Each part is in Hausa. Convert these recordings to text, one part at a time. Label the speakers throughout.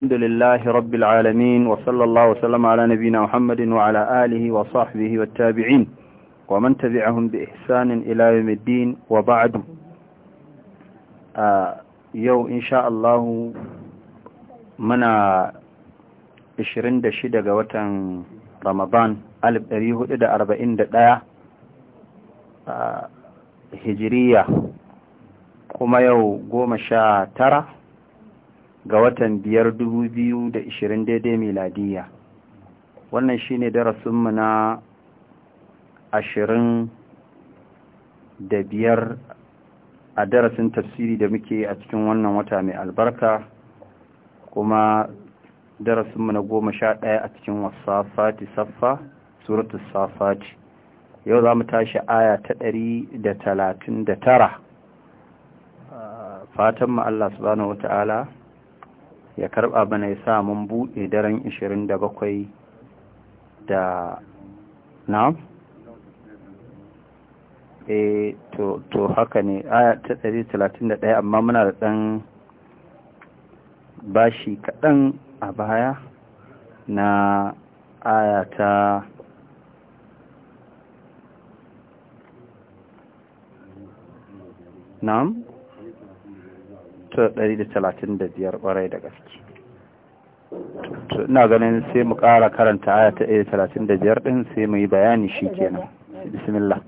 Speaker 1: الحمد لله رب العالمين وصلى الله وسلم على نبينا محمد وعلى آله وصحبه والتابعين ومن تبعهم بإحسان إلى يوم الدين وبعد يو إن شاء الله منا إشرين دشيدة رمضان ألب 26 ga watan Ramadan 1441 hijiriya kuma yau 19 ga watan biyar dubu biyu da ishirin daidai miladiya wannan shine darasinmu na ashirin da biyar a darasin tafsiri da muke a cikin wannan wata mai albarka kuma darasinmu na goma sha ɗaya a cikin wasafati saffa suratul safati yau za mu tashi aya ta ɗari da talatin da tara fatan Allah subhanahu wa ya karba bana ya sa mun bude daren 27 da na e to to haka ne aya ta 131 amma muna da dan bashi kadan a baya na aya ta na'am to 135 ƙwarai da gaske ina ganin sai mu ƙara karanta aya ta 135 ɗin sai mu yi bayani shi kenan bismillah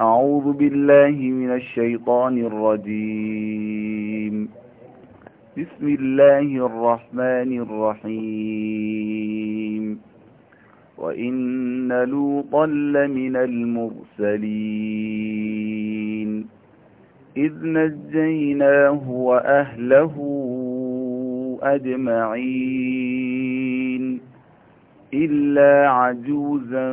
Speaker 2: أعوذ بالله من الشيطان الرجيم بسم الله الرحمن الرحيم وإن لوطا لمن المرسلين إذ نجيناه وأهله أجمعين إلا عجوزا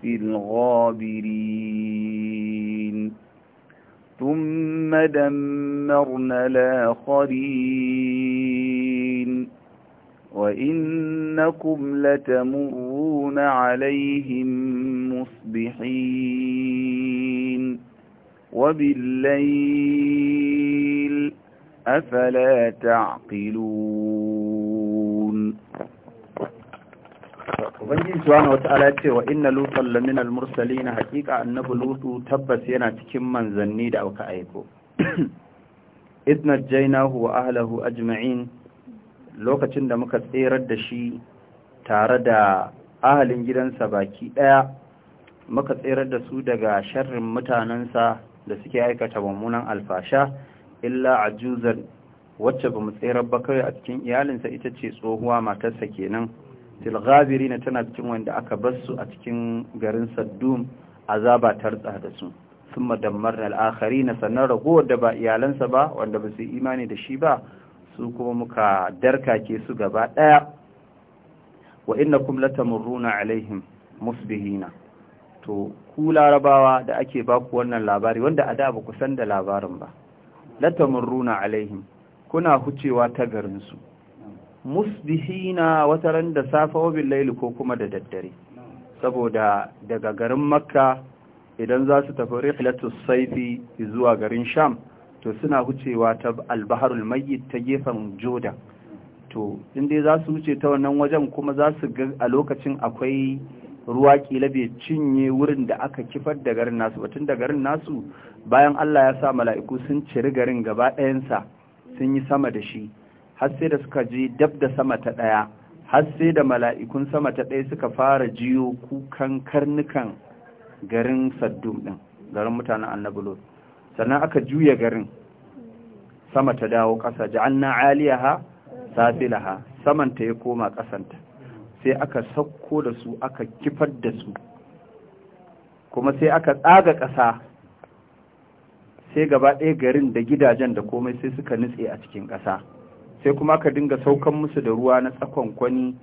Speaker 2: في الغابرين ثم دمرنا الآخرين وإنكم لتمرون عليهم مصبحين وبالليل
Speaker 1: أفلا
Speaker 2: تعقلون Ubangiji subhanahu
Speaker 1: wata'ala ce wa inna lutan laminal mursalina hakika annabi lutu tabbas yana cikin manzanni da aka aiko idna jainahu wa ahlihi ajma'in lokacin da muka tserar da shi tare da ahalin gidansa baki ɗaya muka tserar da su daga sharrin mutanensa. da suke aikata mummunan alfasha illa ajuzan wacce ba mu tsere ba kawai a cikin iyalinsa ita ce tsohuwa matarsa kenan tilgabiri na tana cikin wanda aka bar su a cikin garin saddum azaba tartsa da su sun madammar na al'akari na sannan ragowar da ba iyalansa ba wanda ba su imani da shi ba su kuma muka darkake su gaba ɗaya wa inna kum latamurruna alaihim musbihina to ku larabawa da ake baku wannan labari wanda a da ba ku san da labarin ba Runa alaihim kuna hucewa ta garinsu musbihina wataran da safa wabin laili ko kuma da daddare saboda daga garin makka idan za su tafi rihlatus saifi zuwa garin sham to suna hucewa ta albaharul mayyit ta gefen joda to inda za su wuce ta wannan wajen kuma za su ga a lokacin akwai ruwa kila bai cinye wurin da aka kifar da garin nasu batun da garin nasu bayan Allah ya sa mala'iku sun ciri garin gaba ɗayansa sun yi sama da shi har sai da suka je dab da sama ta ɗaya har sai da mala'ikun sama ta ɗaya suka fara jiyo kukan karnukan garin saddum ɗin garin mutanen annabulot sannan aka juya garin sama ta dawo ƙasa ja'anna aliyaha safilaha samanta ya koma ƙasanta sai aka sauko da su aka kifar da su kuma sai aka tsaga ƙasa sai gaba ɗaya garin da gidajen da komai sai suka nutse a cikin ƙasa sai kuma aka dinga saukan musu da ruwa na tsakon kwani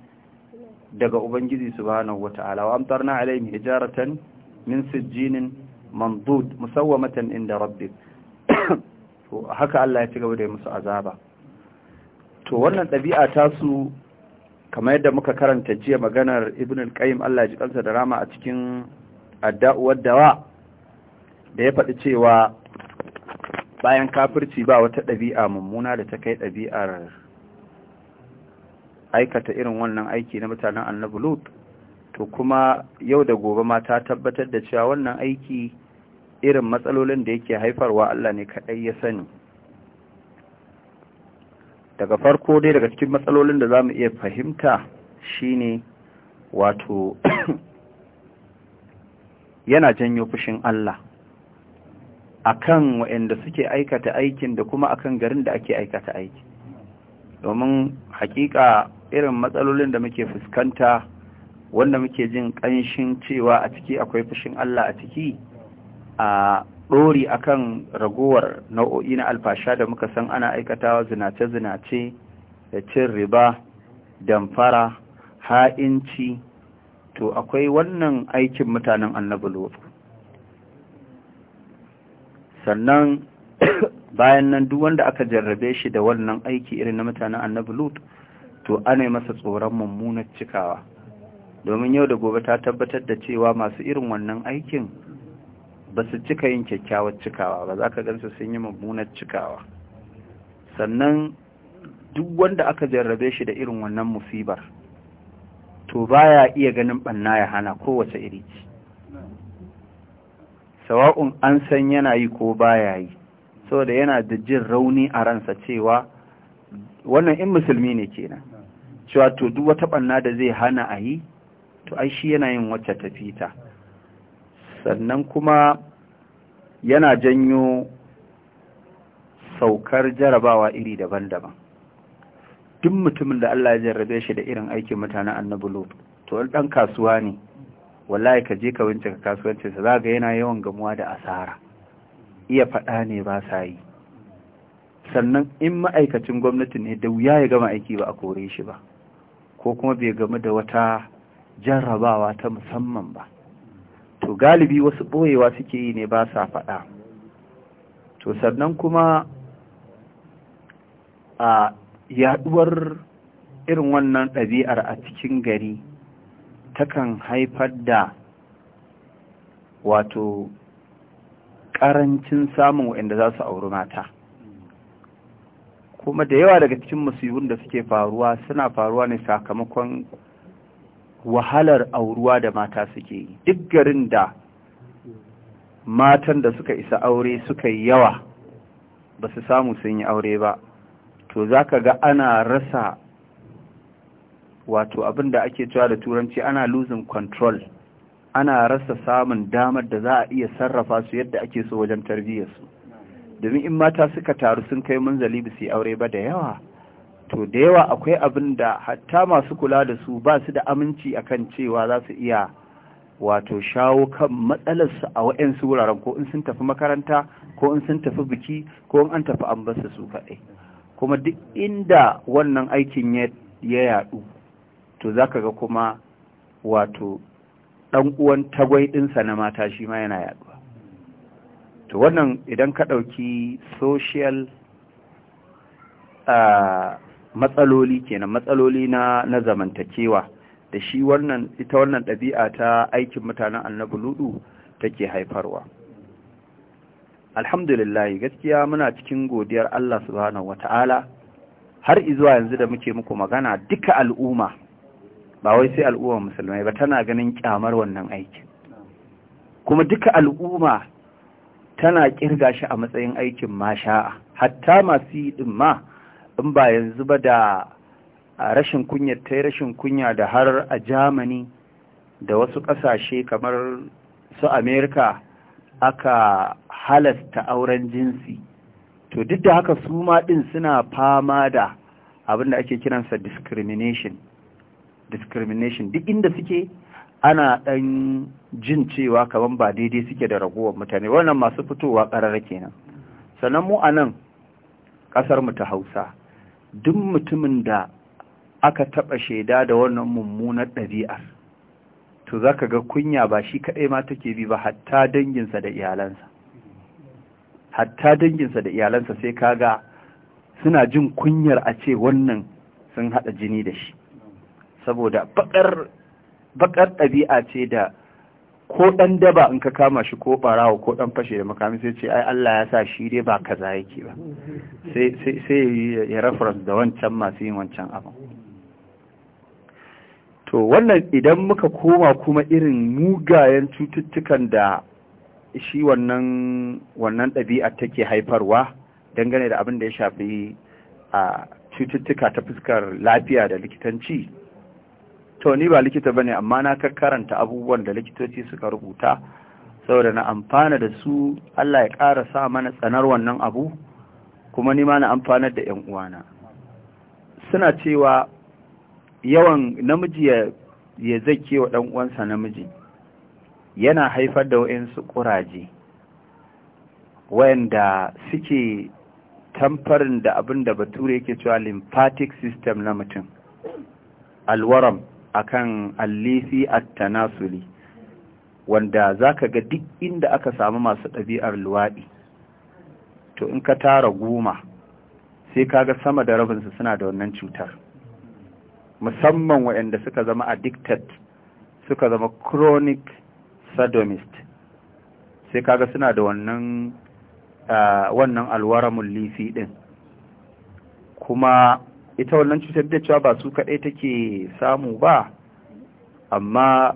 Speaker 1: daga ubangiji su ba wata alawa amtar na alai mai jaratan min sijjinin mandud musawwamatan inda rabbi haka Allah ya ci gaba da yi musu azaba to wannan ɗabi'a ta su kamar yadda muka karanta jiya maganar ibn al-qayyim Allah ya jikansa da rama a cikin adda'uwar dawa da ya faɗi cewa bayan kafirci ba wata ɗabi'a mummuna da ta kai ɗabi'ar aikata irin wannan aiki na mutanen annabi lut to kuma yau da gobe ma ta tabbatar da cewa wannan aiki irin matsalolin da yake haifarwa Allah ne kaɗai ya sani daga farko dai daga cikin matsalolin da za mu iya fahimta shine wato yana janyo fushin Allah akan waɗanda suke aikata aikin da kuma akan garin da ake aikata aiki domin hakika irin matsalolin da muke fuskanta wanda muke jin ƙanshin cewa a ciki akwai fushin Allah a ciki a ɗori akan ragowar nau'o'i na alfasha da muka san ana aikatawa zinace-zinace da cin riba damfara ha'inci to akwai wannan aikin mutanen annabi lotu sannan bayan nan duk wanda aka jarrabe shi da wannan aiki irin na mutanen annabi lotu to ana masa tsoron mummunar cikawa domin yau da gobe ta tabbatar da cewa masu irin wannan aikin ba su cika yin kyakkyawar cikawa ba za ka gansu sun yi mummunar cikawa sannan duk wanda aka jarrabe shi da irin wannan musibar to baya iya ganin banna ya hana kowace iri ce. sawa'un an san yana yi ko baya yi saboda yana da jin rauni a ransa cewa wannan in musulmi ne kenan cewa to duk wata ɓanna da zai hana a yi to ai shi yana yin wacce fita sannan kuma yana janyo saukar jarabawa iri daban-daban duk mutumin da Allah ya jarrabe shi da irin aikin mutanen annabi Lut to wani dan kasuwa ne wallahi ka je ka bincika kasuwancinsa za ga yana yawan gamuwa da asara iya faɗa ne ba sa yi sannan in ma'aikacin gwamnati ne da wuya ya gama aiki ba a kore shi ba ko kuma bai gamu da wata jarrabawa ta musamman ba to galibi wasu ɓoyewa suke yi ne ba sa faɗa to sannan kuma a yaɗuwar irin wannan ɗabi'ar a cikin gari takan haifar da wato ƙarancin samun waɗanda za su auri mata kuma da yawa daga cikin musibin da suke faruwa suna faruwa ne sakamakon wahalar auruwa da mata suke yi duk garin da matan da suka isa aure suka yi yawa ba su samu sun yi aure ba to za ka ga ana rasa wato abin da ake cewa da turanci ana losing control ana rasa samun damar da za a iya sarrafa su yadda ake so wajen tarbiyyarsu domin in mata suka taru sun kai manzali ba su yi aure ba da yawa to da yawa akwai abin da hatta masu kula da su ba su da aminci akan cewa za su iya wato shawo kan matsalarsu a waɗansu wuraren ko in sun tafi makaranta ko in sun tafi biki ko in an tafi an basu su kaɗai kuma duk inda wannan aikin ya yaɗu to za ka ga kuma wato ɗan uwan tagwai ɗinsa na mata shi ma yana yaɗuwa to wannan idan ka ɗauki social ah, matsaloli kenan matsaloli na na zamantakewa da shi wannan ita wannan ɗabi'a ta aikin mutanen annabi ludu take haifarwa alhamdulillah gaskiya muna cikin godiyar Allah subhanahu wataala har izuwa yanzu da muke muku magana duka al'umma ba wai sai al'ummar musulmai ba tana ganin kyamar wannan aikin kuma duka al'umma tana kirga shi a matsayin aikin masha'a hatta masu yi din ma in ba yanzu ba da rashin kunya ta rashin kunya da har a Germany da wasu ƙasashe kamar su Amerika aka halasta auren jinsi to duk da haka su ma din suna fama da abin da ake kiransa discrimination discrimination duk inda suke ana ɗan jin cewa kamar ba daidai suke da ragowar mutane wannan masu fitowa kararra kenan sannan mu anan nan ƙasarmu ta hausa duk mutumin da aka taɓa shaida da wannan mummunar ɗabi'ar to za ka ga kunya ba shi kaɗai ma take bi ba hatta danginsa da iyalansa hatta danginsa da iyalansa sai ka ga suna jin kunyar a ce wannan sun haɗa jini da shi saboda baƙar ɗabi'a ce da ko ɗan daba in ka kama shi ko ɓarawa ko ɗan fashe da makami sai ce ai Allah ya sa shi dai ba kaza yake ba sai ya reference da wancan masu yin wancan abin to wannan idan muka koma kuma irin mugayen cututtukan da shi wannan wannan ɗabi'a take haifarwa dangane da abin da ya shafi a cututtuka ta fuskar lafiya da likitanci to ni ba likita bane amma na karanta abubuwan da likitoci suka rubuta saboda na amfana da su Allah ya ƙara sa mana tsanar wannan abu kuma ni ma na amfana da 'yan uwana suna cewa yawan namiji ya zake wa ɗan uwansa namiji yana haifar da waɗansu ƙuraje wayanda suke tamfarin da abin da bature yake cewa lymphatic system na mutum alwaram akan allisi at-tanasuli wanda zaka ga duk inda aka samu masu ɗabi'ar luwaɗi to in ka tara goma sai kaga sama da rabinsu suna da wannan cutar musamman waɗanda suka zama addicted suka zama chronic sadomist sai kaga suna da wannan ah, wannan alwaramul lisi din kuma ita wannan cutar da cewa ba su kaɗai take samu ba amma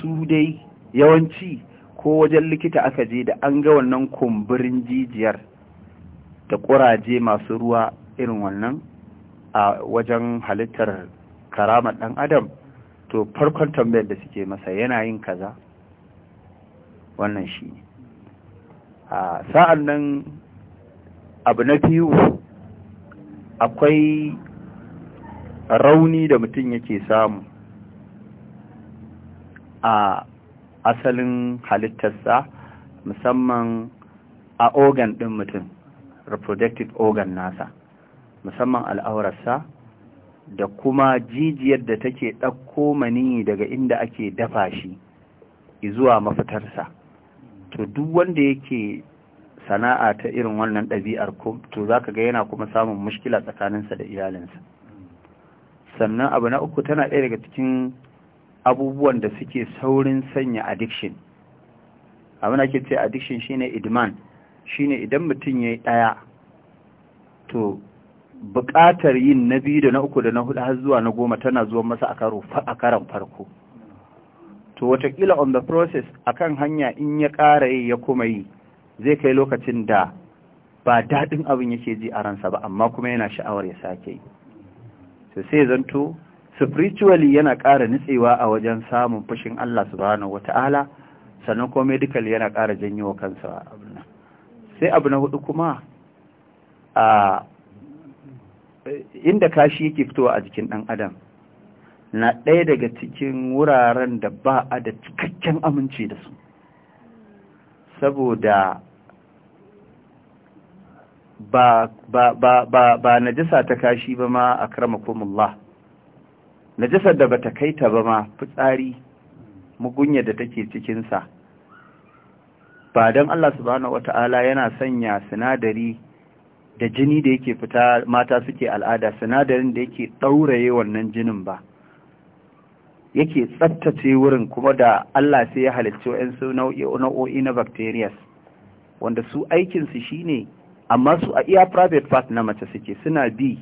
Speaker 1: su dai yawanci ko wajen likita aka je da an ga wannan kumburin jijiyar da ƙuraje masu ruwa irin wannan a wajen halittar karamar ɗan adam to farkon tambayar da suke masa yana yin kaza wannan shi a sa'an nan abu na biyu akwai rauni da mutum yake samu a asalin halittarsa musamman a organ ɗin mutum reproductive organ nasa musamman al'aurarsa da kuma jijiyar da take ɗauko mani daga inda ake dafa shi zuwa mafitarsa to duk wanda yake sana'a ta irin wannan ɗabi'ar ko to za ka ga yana kuma samun mushkila tsakaninsa da iyalinsa sannan abu na uku tana ɗaya daga cikin abubuwan da suke saurin sanya addiction Abu na ke ce addiction shine idman shine idan mutum ya yi ɗaya to buƙatar yin na biyu da na uku da na hudu har zuwa na goma tana zuwa masa a karan farko to watakila on the process akan hanya in ya ƙara yi ya kuma yi zai kai lokacin da ba daɗin abin yake ji a ransa ba amma kuma yana sha'awar ya sake yi so sai zanto spiritually yana ƙara nitsewa a wajen samun fushin Allah subhanahu wata'ala sannan kuma medical yana ƙara janyo kansa abin nan sai abu na hudu kuma a inda kashi yake fitowa a jikin ɗan adam na ɗaya daga cikin wuraren da ba a da cikakken aminci da su saboda ba ba ba ba ba najasa ta kashi ba ma akramakumullah najasar da bata kai ta ba ma fitsari mugunya da take cikin sa ba dan Allah subhanahu wataala yana sanya sinadari da jini da yake fita mata suke al'ada sinadarin da yake ɗauraye wannan jinin ba yake tsaftace wurin kuma da Allah sai ya halicci su nau'o'i na bacterias wanda su aikinsu shine amma su a iya private part na mace suke suna bi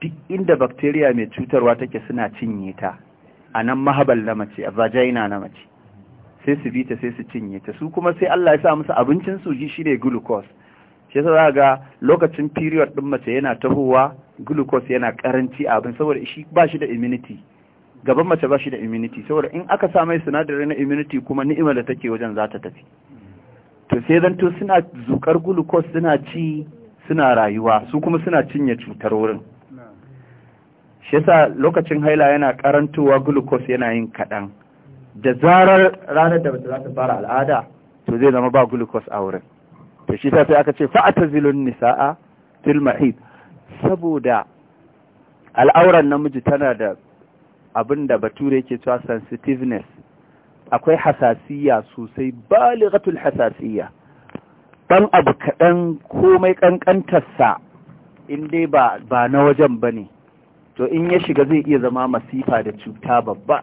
Speaker 1: duk inda bacteria mai cutarwa take suna cinye ta a nan mahabal na mace a vagina na mace sai su bi ta sai su cinye ta su kuma sai Allah ya sa musu abincin su ji shine glucose shi yasa za ga lokacin period din mace yana tahowa glucose yana karanci abin saboda shi ba shi da immunity gaban mace ba shi da immunity saboda in aka sa mai sinadari na immunity kuma ni'imar da take wajen za ta tafi to sai to suna zukar glucose suna ci suna rayuwa su kuma suna cinye cutar wurin shi yasa lokacin haila yana karantowa glucose yana yin kaɗan da zarar ranar da za ta fara al'ada to zai zama ba glucose a wurin to shi sai aka ce fa'ata zilun nisa'a fil mahid saboda al'auran namiji tana da abinda da bature yake cewa sensitiveness akwai hasasiya sosai balighatul hasasiya Dan abu kaɗan komai ƙanƙantarsa in dai ba, ba na wajen bane. to in ya shiga zai iya zama masifa da cuta babba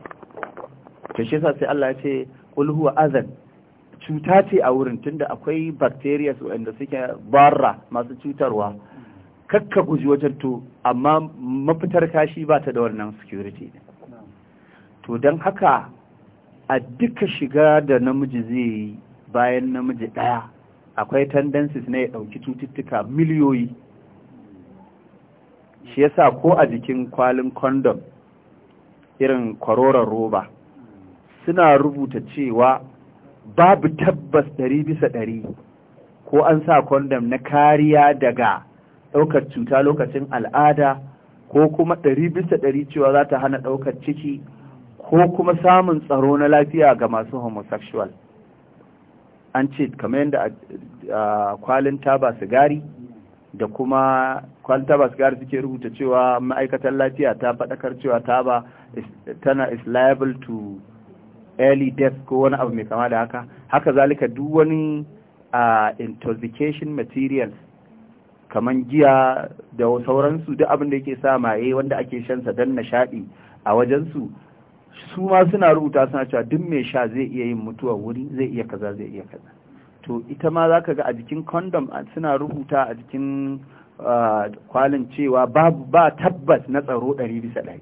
Speaker 1: to shi sai Allah ya ce huwa azan cuta ce a wurin tunda akwai bacteria waɗanda suke barra masu cutarwa kakka guji wajen to amma mafitar kashi ba ta da wannan security to don haka a duka shiga da namiji zai yi bayan namiji ɗaya akwai tendencies na ya ɗauki cututtuka miliyoyi shi yasa ko a jikin kwalin condom irin kwaroron roba suna rubuta cewa babu tabbas ɗari bisa ɗari ko an sa condom na kariya daga ɗaukar cuta lokacin al'ada ko kuma ɗari bisa ɗari cewa za ta hana ɗaukar ciki ko kuma samun tsaro na lafiya ga masu homosexual an ce kamar yadda kwalin taba sigari da kuma kwalin taba sigari suke rubuta cewa ma'aikatan lafiya ta faɗakar cewa taba tana is liable to early death ko wani abu mai kama da haka haka zalika duk wani intoxication materials kamar giya da sauransu duk abin da yake sa maye wanda ake shansa don nishaɗi a wajensu su ma suna rubuta suna cewa duk mai sha zai iya yin mutuwa wuri zai iya kaza zai iya kaza to ita ma za ka ga a jikin condom suna rubuta a jikin kwalin cewa ba tabbas na tsaro ɗari bisa ɗari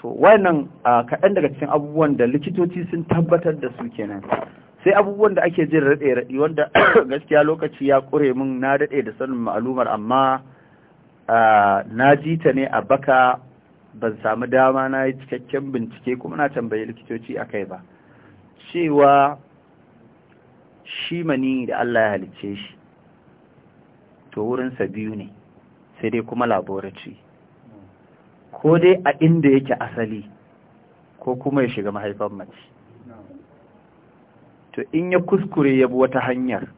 Speaker 1: to wannan kaɗan daga cikin abubuwan da likitoci sun tabbatar da su kenan sai abubuwan da ake jin raɗe raɗi wanda gaskiya lokaci ya ƙure min na daɗe da sanin ma'alumar amma na ji ta ne a baka ban samu dama na yi cikakken bincike kuma na tambayi likitoci a kai ba cewa shi mani da Allah ya halicce shi to wurinsa biyu ne sai dai kuma laboratory ko dai a inda yake asali ko kuma ya shiga mahaifan mace to in ya kuskure ya bi wata hanyar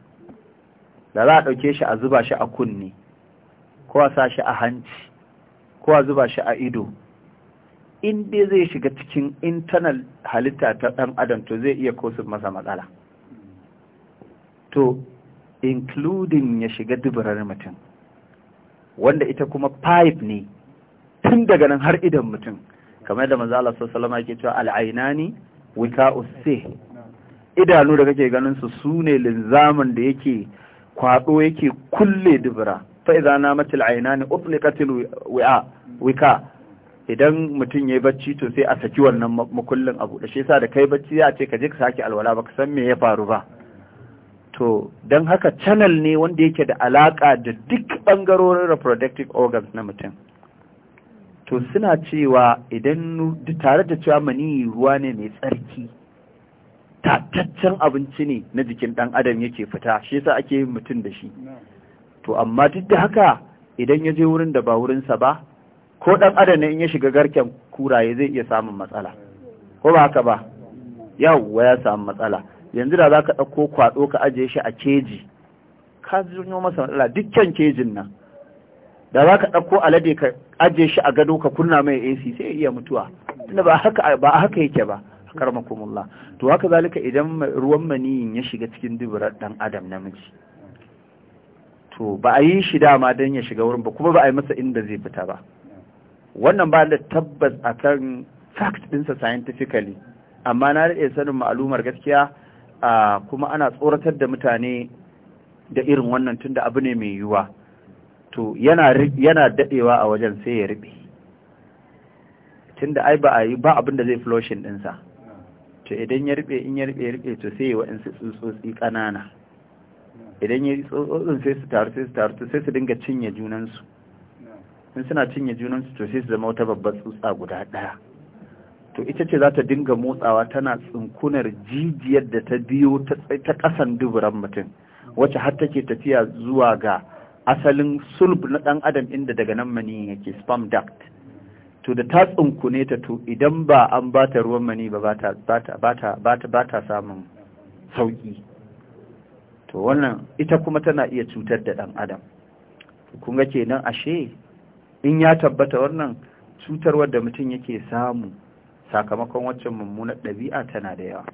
Speaker 1: da za a ɗauke shi a zuba shi a kunne ko a sa shi a hanci ko a zuba shi a ido in zai shiga cikin internal halitta ta ɗan adam to zai iya kosu masa matsala to including ya shiga dubarar mutum wanda ita kuma pipe ne tun daga nan har idan mutum kamar da manzo Allah ke alaihi cewa al'ainani wika usse idanu da kake ganin su sune linzamin da yake kwado yake kulle dubura faiza na ne al'ainani utliqat wika idan mutum ya yi bacci to sai a saki wannan makullin abu da shi yasa da kai bacci ya ce ka je ka sake alwala baka san me ya faru ba to don haka channel ne wanda yake da alaka da duk bangarorin reproductive organs na mutum to suna cewa idan tare da cewa mani ruwa ne mai tsarki tataccen abinci ne na jikin dan adam yake fita shi yasa ake mutum da shi to amma duk da haka idan ya je wurin da ba wurinsa ba ko ɗan adana in ya shiga garken kuraye zai iya samun matsala ko ba haka ba yawwa ya samu matsala yanzu da za ka ɗauko kwaɗo ka ajiye shi a keji ka janyo masa matsala dukkan kejin nan da za ka ɗauko alade ka ajiye shi a gado ka kunna mai AC sai iya mutuwa tunda ba haka ba haka yake ba karmakumullah to haka zalika idan ruwan maniyin ya shiga cikin duburar dan adam namiji to ba a yi shi dama don ya shiga wurin ba kuma ba a yi masa inda zai fita ba wannan ba da tabbas akan fact dinsa scientifically amma na iya sanin ma'alumar gaskiya kuma ana tsoratar da mutane da irin wannan tun da abu ne mai yiwuwa to yana daɗewa a wajen sai ya riɓe da ai ba a yi ba abin da zai flushing dinsa. to idan ya riɓe in ya riɓe ya riɓe to sai ya waɗansu tsutsotsi ƙanana idan ya yi tsutsotsin sai su taru sai su taru sai su dinga cinye junansu in suna cinye junansu to sai su zama wata babbar tsutsa guda ɗaya to ita ce za ta dinga motsawa tana tsinkunar jijiyar da ta biyo ta ƙasan duburan mutum wacce har take tafiya zuwa ga asalin sulb na ɗan adam inda daga nan mani yake spam duct to da ta tsinkune ta to idan ba an ba ta ruwan mani ba ba ta samun sauƙi to wannan ita kuma tana iya cutar da ɗan adam kun ga kenan ashe in ya tabbata wannan cutar da mutum yake samu sakamakon waccan mummunar ɗabi'a tana da yawa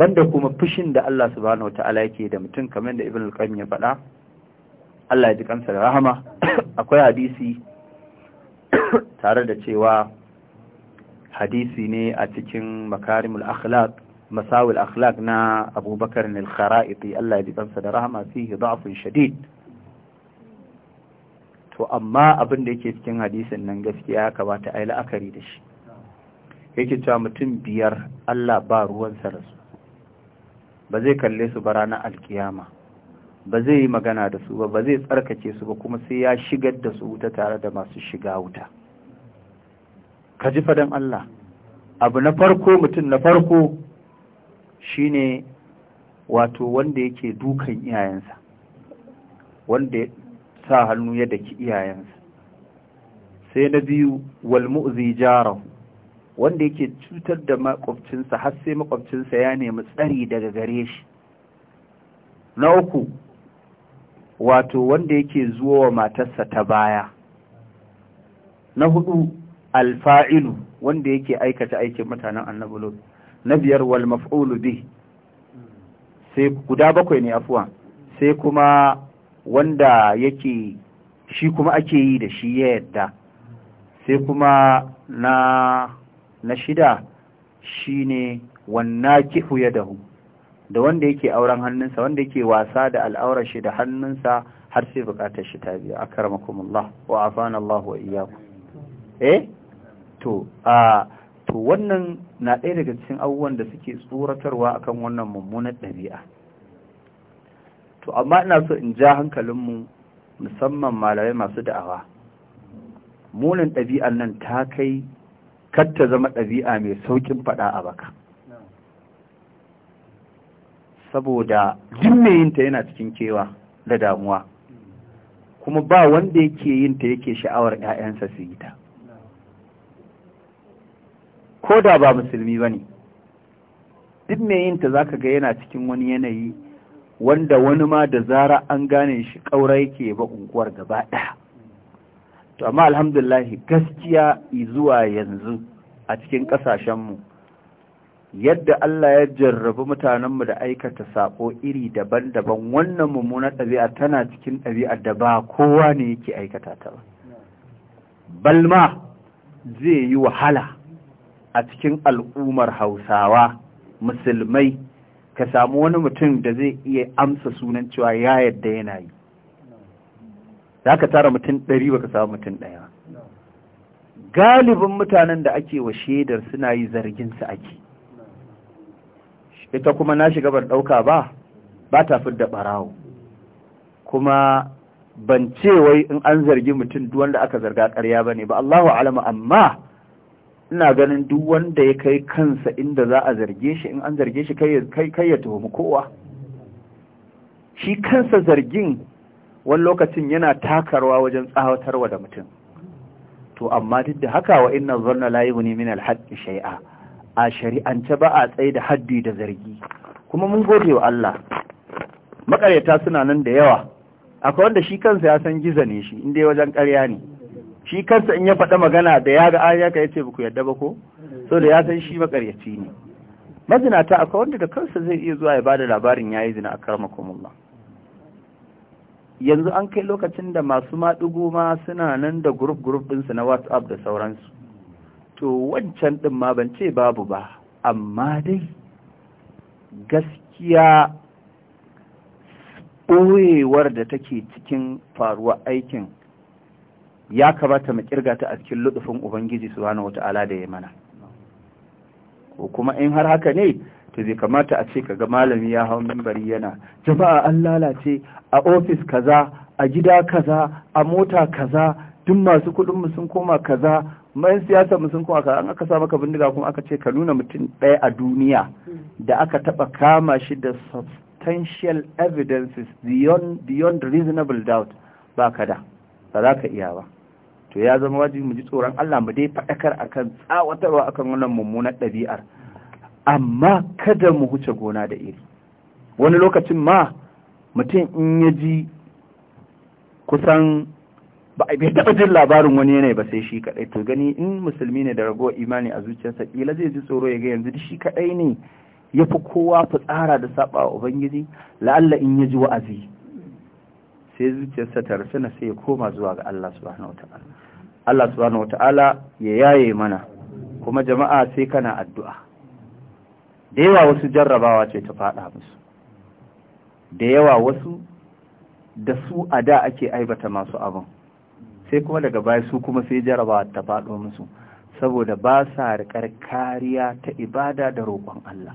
Speaker 1: banda kuma fushin da Allah subhanahu wata'ala yake da mutum kamar da Ibn al-Qayyim ya faɗa Allah ya ji kansa da rahama akwai hadisi tare da cewa hadisi ne a cikin makarimul akhlaq masawil akhlaq na Abubakar al-Kharaiti Allah ya ji kansa da rahama fihi da'fun shadid to amma abin da yake cikin hadisin nan gaskiya ya kamata a yi la'akari da shi yake cewa mutum biyar Allah ba ruwansa da su ba zai kalle su ba ranar alkiyama ba zai yi magana da su ba ba zai tsarkake su ba kuma sai ya shigar da su wuta tare da masu shiga wuta ka ji fadan Allah abu na farko mutum na farko shine wato wanda yake dukan iyayensa wanda sa hannu ya daki iyayensa sai na biyu walmuzi mu'zi wanda yake cutar da makwabcinsa har sai makwabcinsa ya nemi tsari daga gare shi na uku wato wanda yake zuwa wa matarsa ta baya na hudu alfa'ilu wanda yake aikata aikin mutanen annabulot na biyar walmaf'ulu bi sai guda bakwai ne afuwa sai kuma wanda yake shi kuma ake yi da shi ya yadda sai kuma na na shida shine wanna huya ya dahu da wanda yake auren hannunsa wanda yake wasa da al'aurar shi da hannunsa har sai bukatar shi ta biya akramakumullah wa afana Allah wa iyyakum eh to a to wannan na ɗaya daga cikin abubuwan da suke tsoratarwa akan wannan mummunan ɗabi'a to amma ina so in ja hankalinmu musamman malamai masu da'awa munin ɗabi'an nan ta kai kar ta zama ɗabi'a mai saukin faɗa a baka saboda duk mai yinta yana cikin kewa da damuwa kuma ba wanda yake yinta yake sha'awar 'ya'yansa su yi ta ko da ba musulmi ba ne duk mai yinta za ka ga yana cikin wani yanayi wanda wani ma da zara an gane shi ƙaura yake ba unguwar gaba ɗaya to amma alhamdulahi gaskiya zuwa yanzu a cikin ƙasashen mu. yadda Allah ya jarrabi mutanenmu da aikata saƙo iri daban-daban wannan mummunar ɗabi'a tana cikin ɗabi'a da ba kowa ne yake aikata ta ba balma zai yi wahala a cikin al'ummar hausawa musulmai ka samu wani mutum da zai iya amsa sunan cewa ya yadda yana yi za ka tara mutum ɗari ba ka samu mutum ɗaya galibin mutanen da ake wa shaidar suna yi zargin su ake ita kuma na shiga ban ɗauka ba ba ta fi da ɓarawo kuma ban ce wai in an zargi mutum duwanda aka zarga ƙarya ba ne ba Allahu alama amma ina ganin duk wanda ya kai kansa inda za a zarge shi in an zarge shi kai ya tuhumi kowa shi kansa zargin wani lokacin yana takarwa wajen tsawatarwa da mutum to amma duk da haka wa inna zanna la yughni min al shai'a, a shari'ance ba a tsaye da haddi da zargi kuma mun gode wa Allah makaryata suna nan da yawa akwai wanda shi kansa ya san giza ne shi inda wajen ƙarya ne shi kansa in ya faɗa magana da ya ga ayyaka ya ce ku yarda ba ko so da ya san shi makaryaci ne mazinata akwai wanda da kansa zai iya zuwa ya bada labarin yayi yi zina a yanzu an kai lokacin da masu maɗigo ma suna nan da gurup gurup ɗinsu na whatsapp da sauransu to wancan ɗin ma ban ce babu ba amma dai gaskiya ɓoyewar da take cikin faruwa aikin ya kamata mu kirga ta a cikin ludufin ubangiji subhanahu wata'ala da ya mana ko kuma in har haka ne to zai kamata a ce kaga malami ya hau minbari yana jama'a an lalace a ofis kaza a gida kaza a mota kaza duk masu kudin mu sun koma kaza mayan siyasa mu sun koma kaza an aka sa maka bindiga kuma aka ce ka nuna mutum ɗaya a duniya da aka taba kama shi da substantial evidences beyond beyond reasonable doubt ba ka da ba za ka iya ba to ya zama wajibi mu ji tsoron Allah mu dai faɗakar akan tsawatarwa akan wannan mummunar ɗabi'ar amma kada mu huce gona da iri wani lokacin ma mutum in ya ji kusan ba a bai taɓa jin labarin wani yanayi ba sai shi kaɗai to gani in musulmi ne da ragowar imani a zuciyarsa ƙila zai ji tsoro ya ga yanzu shi kaɗai ne ya fi kowa fitsara da saɓa wa ubangiji la'alla in ya ji wa'azi sai zuciyarsa ta na sai ya koma zuwa ga Allah subhanahu wataala Allah subhanahu wataala ya yaye mana kuma jama'a sai kana addu'a da yawa wasu jarrabawa ce ta faɗa musu da yawa wasu da su a da ake aibata masu abin sai kuma daga baya su kuma sai jarrabawa ta faɗo musu saboda ba sa riƙar kariya ta ibada da roƙon Allah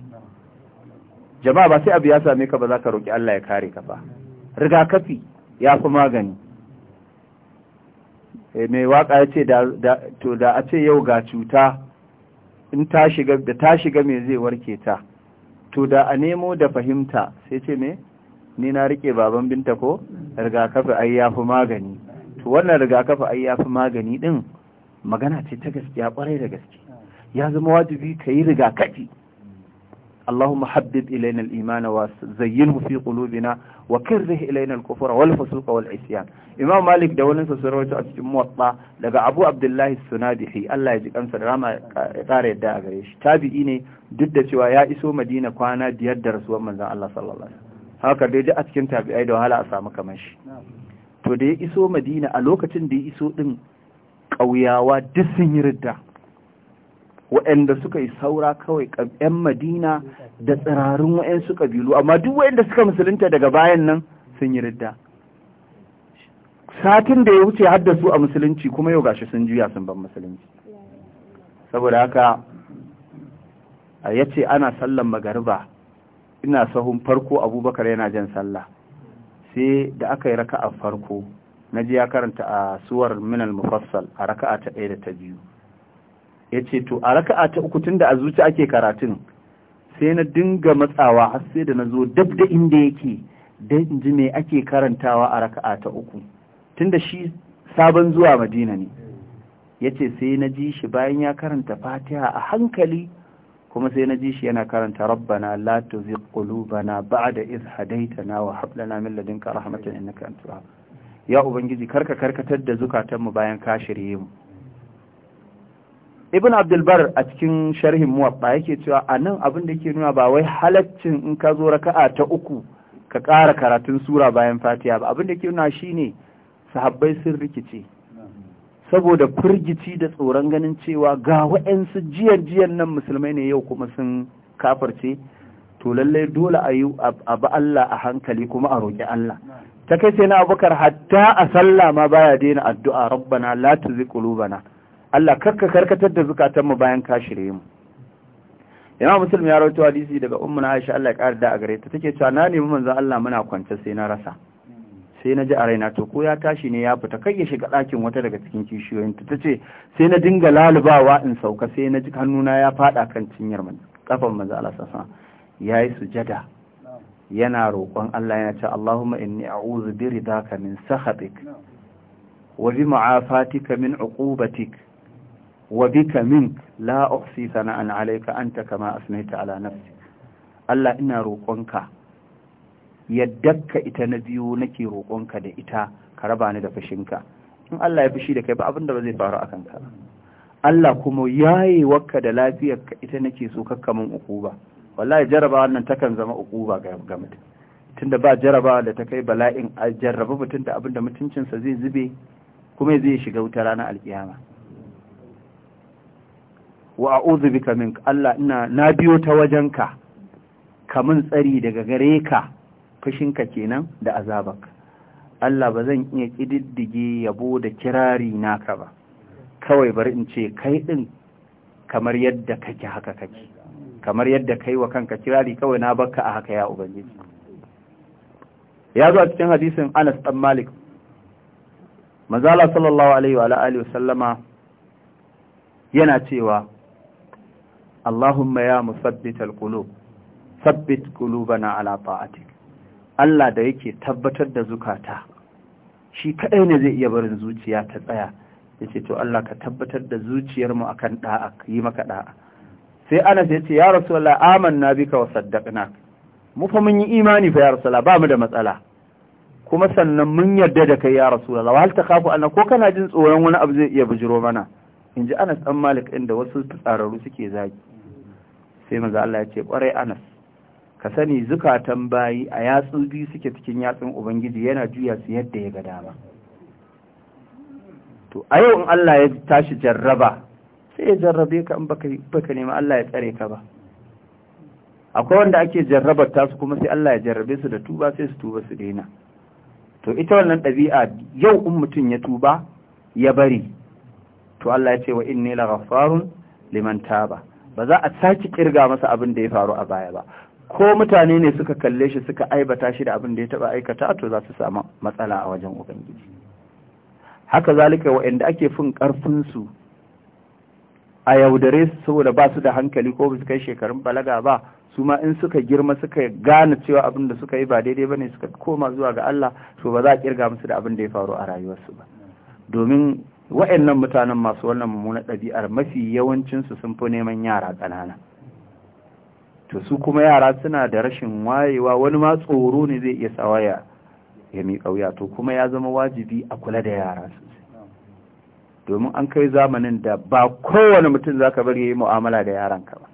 Speaker 1: jama'a ba sai abu ya same ka ba za ka roƙi Allah ya kare ka ba rigakafi ya fi magani eh, mai waka ya ce to da a ce yau ga cuta da ta shiga mai zai warke ta to da a nemo da fahimta sai ce me ni na rike baban binta ko rigakafi ai ya fi magani to wannan rigakafi ai ya fi magani ɗin, magana ce ta gaskiya kwarai da gaske ya zama wajibi ka yi rigakafi اللهم حبب إلينا الإيمان وزينه في قلوبنا وكره إلينا الكفر والفسوق والعسيان إمام مالك دولن سروة موطا لقى أبو عبد الله السنادحي الله يجيك أمسى راما قاري الداء غريش تابعيني ضد شوى يا إسو مدينة كوانا ديد رسول من الله صلى الله عليه وسلم haka dai ji a cikin tabi'ai da wahala a samu kamar shi to da ya iso madina a lokacin da ya iso din ƙauyawa duk sun yi ridda waɗanda suka yi saura kawai ƴan madina da tsirarun waɗansu ƙabilu amma duk waɗanda suka musulunta daga bayan nan sun yi ridda satin da ya wuce haddasu a musulunci kuma yau gashi sun juya sun ban musulunci saboda haka a yace ana sallan magariba ina sahun farko abubakar yana jan sallah sai da aka yi raka'a farko na ji ya karanta a suwar minal mufassal a raka'a ta ɗaya da ta biyu ya ce to a raka'a ta uku tunda a zuci ake karatun sai na dinga matsawa har sai da na zo dab da inda yake dan inji me ake karantawa a raka'a ta uku tunda shi sabon zuwa madina ne ya ce sai na ji shi bayan ya karanta fatiha a hankali kuma sai na ji shi yana karanta rabbana la tuzigh qulubana ba'da idh hadaytana wa hab lana min ladunka rahmatan innaka antal ya ubangiji karka karkatar da zukatanmu bayan ka shirye mu ibn abdulbar a cikin sharhin muwabba yake cewa a nan abin da ke nuna ba wai halaccin in ka zo raka'a ta uku ka ƙara karatun sura bayan fatiha ba abin da ke nuna shine sahabbai sun rikice saboda firgici da tsoron ganin cewa ga waɗansu jiyar jiyar nan musulmai ne yau kuma sun kafarce to lallai dole a yi a abu Allah a hankali kuma a roƙi Allah ta kai sai na abubakar hatta a sallah ma baya daina addu'a rabbana la tuzigh qulubana Allah karka karkatar da zukatanmu bayan ka shirye mu Imam Muslim ya rawaito hadisi daga Ummu Aisha Allah ya karda a gare ta take cewa na nemi manzon Allah muna kwance sai na rasa sai na ji a raina to ko ya tashi ne ya fita kai ya shiga ɗakin wata daga cikin kishiyoyin ta ce sai na dinga lalubawa in sauka sai na ji hannuna ya faɗa kan cinyar kafan manzon Allah sassa ya yi sujada yana roƙon Allah yana ce Allahumma inni a'udhu bi ridaka min sakhatik wa bi mu'afatika min uqubatik wa bika mink la uhsi sana'an alayka anta kama asnaita ala nafsi Allah ina roƙonka yaddakka ita na biyu nake roƙonka da ita ka raba ni da fushinka in Allah ya fushi da kai ba abin da ba zai faru akan ka Allah kuma yaye wakka da lafiyar ka ita nake so kakka min ukuba wallahi jaraba wannan kan zama ukuba ga ga mutum tunda ba jaraba da ta kai bala'in a jarraba mutum da abin da mutuncinsa zai zube kuma zai shiga wuta ranar alkiyama wa a bika min Allah ina na biyo ta wajenka kamun tsari daga gare ka fushinka kenan da azabaka Allah ba zan iya ƙididdige yabo da kirari naka ba kawai bari in ce kai ɗin kamar yadda kake haka kake kamar yadda kai wa kanka kirari kawai na baka a haka ya ubangiji ya zo a cikin hadisin Anas ɗan Malik manzala sallallahu alaihi wa alihi yana cewa Allahumma ya musabbital qulub sabbit qulubana ala ta'atik Allah da yake tabbatar da zukata shi kadai ne zai iya barin zuciya ta tsaya yace to Allah ka tabbatar da zuciyar mu akan da'a yi maka da'a sai Anas yace ya Rasulullah amanna bika wa saddaqna mu fa mun yi imani fa ya Rasulullah ba mu da matsala kuma sannan mun yarda da kai ya Rasulullah wal khafu anna ko kana jin tsoron wani abu zai iya bujiro mana inji Anas dan Malik inda wasu tsararru suke zagi sai maza Allah ya ce ƙwarai anas ka sani zukatan bayi a yatsu biyu suke cikin yatsun ubangiji yana juya su yadda ya ga dama to a yau in Allah ya tashi jarraba sai ya jarrabe ka in baka nema Allah ya tsare ka ba akwai wanda ake jarrabar tasu kuma sai Allah ya jarrabe su da tuba sai su tuba su daina to ita wannan ɗabi'a yau in mutum ya tuba ya bari to Allah ya ce wa inni laghaffarun liman taba ba za a sake kirga masa abin da ya faru a baya ba ko mutane ne suka kalle shi suka aibata shi da abin da ya taba aikata to za su samu matsala a wajen ubangiji haka zalika waɗanda ake fin karfin su a yaudare su saboda ba su da hankali ko ba su kai shekarun balaga ba su ma in suka girma suka gane cewa abin da suka yi ba daidai bane suka koma zuwa ga Allah to ba za a kirga musu da abin da ya faru a rayuwarsu ba domin wa'annan mutanen masu wannan mummunan ɗabi'ar mafi yawancinsu sun fi neman yara ƙanana to su kuma yara suna da rashin wayewa wani ma tsoro ne zai iya sawaya ya miƙa wuya to kuma ya zama wajibi a kula da yara sosai domin an kai zamanin da ba kowane mutum za ka bari ya yi mu'amala da yaranka ba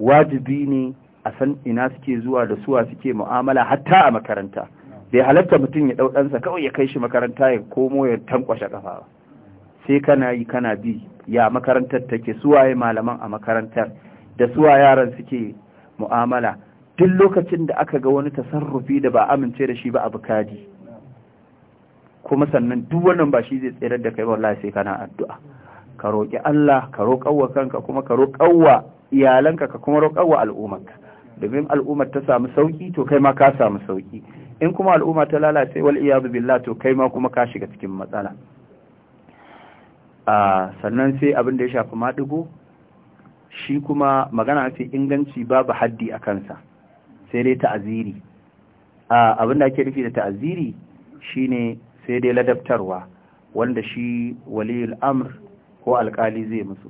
Speaker 1: wajibi ne a san ina suke zuwa da suwa suke mu'amala hatta a makaranta bai halatta mutum ya ɗau ɗansa kawai ya kai shi makaranta ya komo ya tankwashe ƙafa ba sai kana yi kana bi ya makarantar take suwaye malaman a makarantar da suwa yaran suke mu'amala duk lokacin da aka ga wani tasarrufi da ba amince da shi ba a bukadi kuma sannan duk wannan ba shi zai tsere da kai wallahi sai kana addu'a ka roƙi Allah ka roƙawa kanka kuma ka roƙawa iyalanka ka kuma roƙawa al'ummarka domin al'ummar ta samu sauki to kai ma ka samu sauki in kuma al'umma ta lalace wal iyadu billah to kai ma kuma ka shiga cikin matsala a ah, sannan sai abin da ya shafi maɗigo shi kuma magana ce inganci babu haddi a kansa sai dai ta'aziri ah, abin da ake nufi da ta'aziri shine sai dai ladabtarwa wanda shi waliyul amr ko alkali zai musu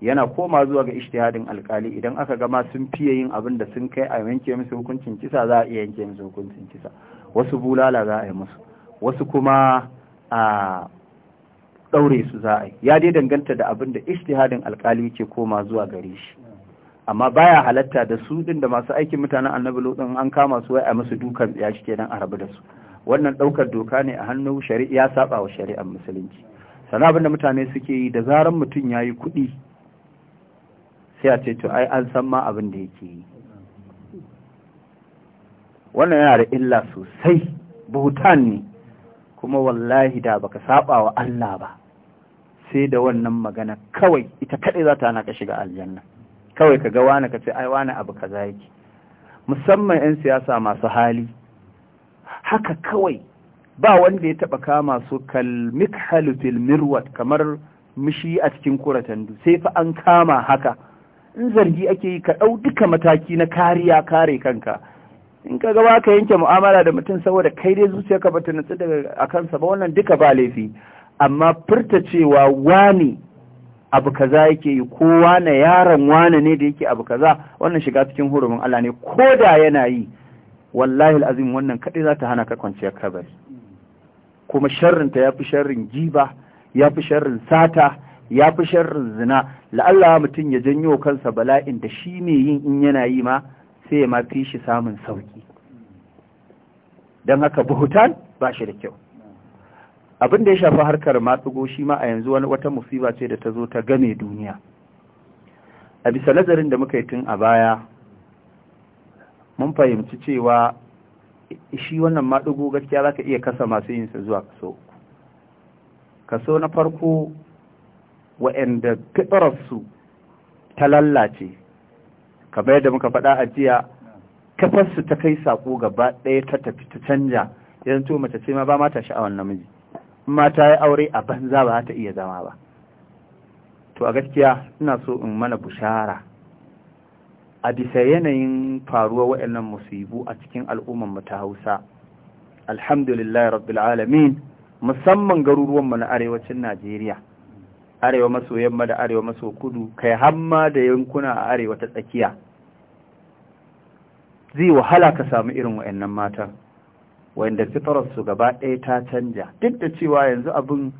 Speaker 1: yana koma zuwa ga ishtihadin alkali idan aka gama sun fiye yin abin da sun kai a yanke musu hukuncin kisa za a iya yanke musu hukuncin kisa wasu bulala za a yi musu wasu kuma a ɗaure su za a yi ya dai danganta da abin da ishtihadin alkali ke koma zuwa gare shi amma baya halatta da su din da masu aikin mutanen annabi lodin an kama su wai a musu dukan ya shi kenan a rabu da su wannan ɗaukar doka ne a hannu shari'a ya saba wa shari'ar musulunci sana abin da mutane suke yi da zarar mutum ya yi kuɗi sai a ce to ai an san ma abin da yake yi wannan yana da illa sosai buhutan ne kuma wallahi da baka saba wa Allah ba sai da wannan magana kawai ita kadai za ta naka ka shiga aljanna kawai ka ga wani ka ce ai wani abu kaza yake musamman 'yan siyasa masu hali haka kawai ba wanda ya taba kama su kalmik halifil mirwat kamar mishi a cikin kuratan sai fa an kama haka in zargi ake yi ka ɗau duka mataki na kariya kare kanka in ka gaba ka yanke mu'amala da mutum saboda kai dai zuciya ka bata nutsu daga a kansa ba wannan duka ba laifi amma furta cewa wani abu kaza yake yi ko wane yaron wani ne da yake abu kaza wannan shiga cikin hurumin Allah ne ko da yana yi wallahi azim wannan kaɗai za ta hana ka kwanciyar kabari kuma sharrinta ya fi sharrin giba ya fi sharrin sata ya fi sharrin zina la'alla mutum ya janyo kansa bala'in da shi ne yin in yana yi ma sai ya mafi shi samun sauki don haka buhutan ba shi da kyau abin da ya shafi harkar matsugo shi ma a yanzu wani wata musiba ce da ta zo ta game duniya a bisa nazarin da muka yi tun a baya mun fahimci cewa shi wannan matsugo gaskiya za ka iya kasa masu yinsa zuwa kaso kaso na farko wa'anda fitararsu ta lallace kamar yadda muka faɗa a jiya kafarsu ta kai saƙo gaba ɗaya ta tafi ta canja yanzu to mace ce ma ba mata sha'awar namiji ma ta yi aure a banza ba ta iya zama ba to a gaskiya ina so in mana bushara a bisa yanayin faruwa waɗannan musibu a cikin al'ummar mu ta Hausa alhamdulillah rabbil alamin musamman garuruwan mu na arewacin Najeriya arewa maso yamma da arewa maso kudu kai hamma da yankuna a arewa ta tsakiya zai wahala ka samu irin wa'annan matan wanda su gaba ɗaya ta canja duk da cewa yanzu abin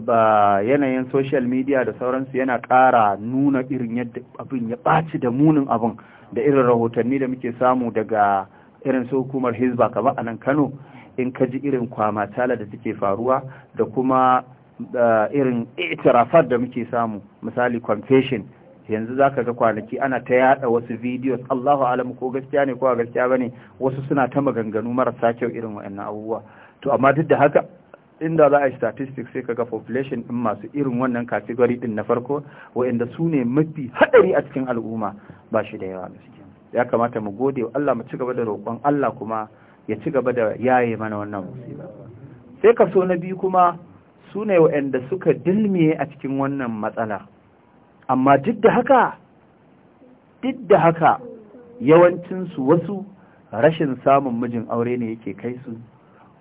Speaker 1: ba yanayin social media da sauransu yana ƙara nuna irin yadda abin ya ɓaci da munin abin da irin rahotanni da muke samu daga irin su hukumar hizba kamar a nan kano in ka ji irin kwamatala da suke faruwa da kuma irin tarafar da muke samu misali confession yanzu za ka ga kwanaki ana ta yada wasu videos Allahu alamu ko gaskiya ne ko a gaskiya bane wasu suna ta maganganu marasa kyau irin wa'annan abubuwa to amma duk da haka inda za a yi statistics sai kaga population din masu irin wannan category din na farko wa'anda su ne mafi hadari a cikin al'umma ba shi da yawa ya kamata mu gode wa Allah mu ci gaba da roƙon Allah kuma ya ci gaba da yaye mana wannan musiba sai so na biyu kuma su ne wa'anda suka dilmiye a cikin wannan matsala amma duk da haka duk da haka yawancinsu wasu rashin samun mijin aure ne yake kai su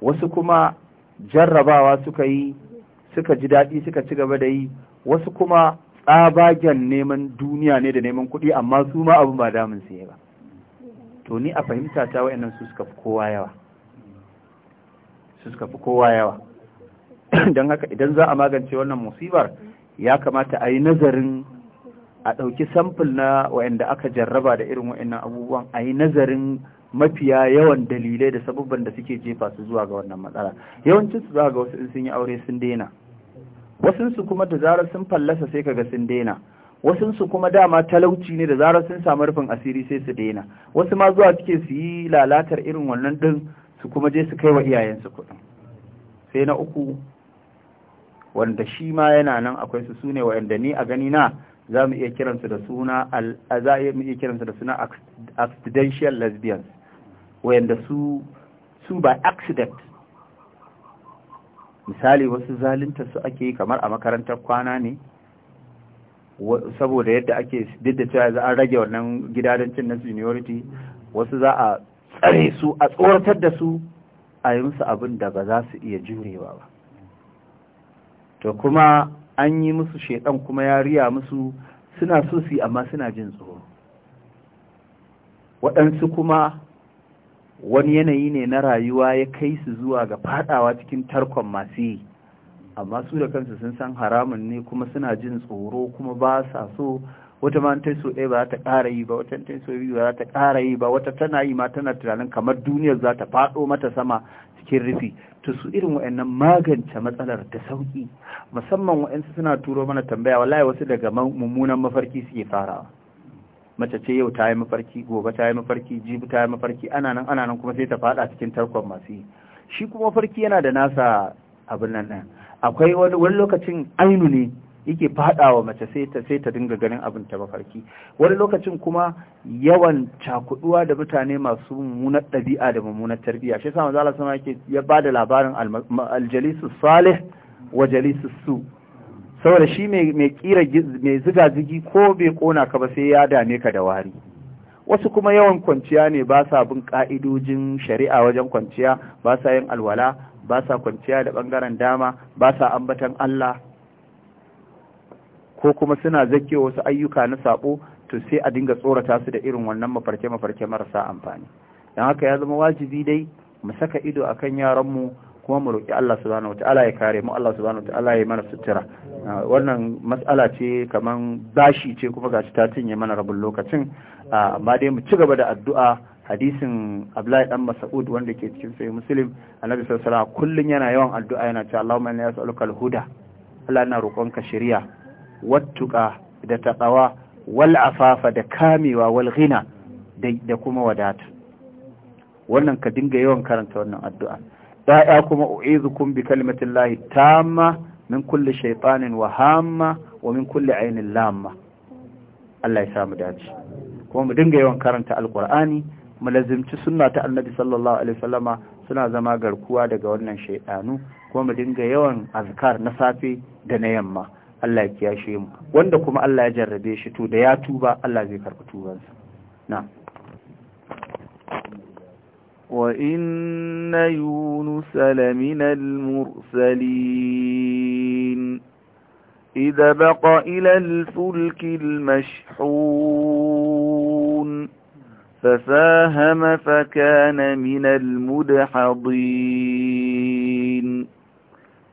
Speaker 1: wasu kuma jarrabawa suka yi suka ji daɗi suka ci gaba da yi wasu kuma tsabagen neman duniya ne da neman kuɗi amma su ma abin ba damun su ba to ni a fahimta ta wa'annan su su suka fi kowa yawa don haka idan za a magance wannan musibar ya kamata a yi nazarin a ɗauki samfil na wa'inda aka jarraba da irin wayannan abubuwan a yi nazarin mafiya yawan dalilai da sabubban da suke jefa su zuwa ga wannan matsala yawancin su zuwa ga wasu in sun yi aure sun daina wasunsu kuma da zarar sun fallasa sai kaga sun daina wasunsu kuma dama talauci ne da zarar sun samu rufin asiri sai su daina wasu ma zuwa suke su yi lalatar irin wannan din su kuma je su kai wa iyayensu kuɗin sai na uku wanda shi ma yana nan akwai su sune wanda ni a gani na za mu iya kiransu da suna za mu iya kiransu da suna accidental lesbians wanda su su by accident misali wasu zalunta su ake yi kamar a makarantar kwana ne saboda yadda ake duk da cewa za a rage wannan gidadancin na seniority wasu za a tsare su a tsoratar da su a yi musu abin da ba za su iya jurewa ba to kuma an yi musu shaidan kuma ya riya musu suna so su amma suna jin tsoro waɗansu kuma wani yanayi ne na rayuwa ya kai su zuwa ga fadawa cikin tarkon masu yi amma su da kansu sun san haramun ne kuma suna jin tsoro kuma ba sa so wata ma ta so ɗaya ba za ta ƙara yi ba wata ta so biyu ba za ta ƙara yi ba wata tana yi ma tana tunanin kamar duniyar za ta faɗo mata sama cikin rufi ta su irin wa'annan magance matsalar da sauki musamman wa'ansu suna turo mana tambaya wallahi wasu daga mummunan mafarki suke farawa mace ce yau ta yi mafarki gobe ta yi mafarki jibi ta yi mafarki ana nan ana nan kuma sai ta fada cikin tarkon masu yi shi kuma mafarki yana da nasa abin nan akwai wani lokacin ainu ne yake faɗawa mace sai ta sai ta dinga ganin abin ta mafarki wani lokacin kuma yawan cakuduwa da mutane masu mummunar ɗabi'a da mummunar tarbiyya shi yasa manzo Allah sama yake ya bada labarin aljalisu salih wa jalisu su saboda shi mai kira mai ziga zigi ko bai kona ka ba sai ya dame ka da wari wasu kuma yawan kwanciya ne ba sa bin ka'idojin shari'a wajen kwanciya ba sa yin alwala ba sa kwanciya da bangaren dama ba sa ambatan Allah ko kuma suna zake wasu ayyuka na sabo to sai a dinga tsorata su da irin wannan mafarke mafarke marasa amfani don haka ya zama wajibi dai mu saka ido akan yaran mu kuma mu roki Allah subhanahu wataala ya kare mu Allah subhanahu wataala ya mana sutura ah, wannan mas'ala ce kaman bashi ce kuma gashi ta tinye mana rabin lokacin ah, amma dai mu ci gaba da addu'a hadisin Abdullahi dan Mas'ud wanda ke cikin sahih Muslim Annabi sallallahu alaihi wasallam kullun yana yawan addu'a yana cewa Allahumma inni as'aluka al-huda Allah ina roƙonka shari'a Wattuƙa da taqawa wal afafa da kamewa wal ghina da kuma wadata wannan ka dinga yawan karanta wannan addu'a ya'ya kuma u'izu kun bi kalimatillahi tamma min kulli shaytanin wa hamma wa min kulli ainihin lamma Allah ya samu dace kuma mu dinga yawan karanta alqur'ani mu lazimci sunna ta annabi sallallahu alaihi wasallama suna zama garkuwa daga wannan shaiɗanu. kuma mu dinga yawan azkar na safe da na yamma Allah ya kiyashe mu wanda kuma Allah ya jarrabe shi to da ya tuba Allah zai karɓi tubansa na وإن يونس لمن
Speaker 2: المرسلين إذا بق إلى الفلك المشحون فساهم فكان من المدحضين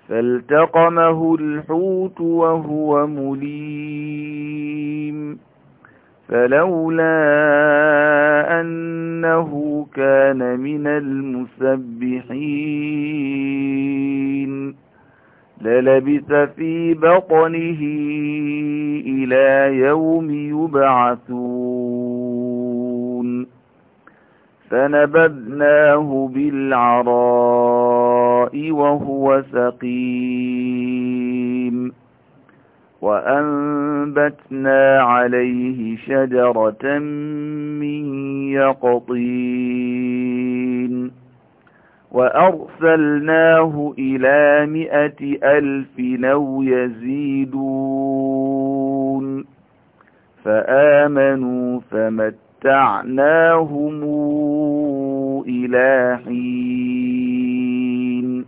Speaker 2: فالتقمه الحوت وهو مليم فلولا أنه كان من المسبحين للبث في بطنه إلى يوم يبعثون فنبذناه بالعراء وهو سقيم وأنبتنا عليه شجرة من يقطين وأرسلناه إلى مئة ألف لو يزيدون فآمنوا فمت ومتعناهم إلى حين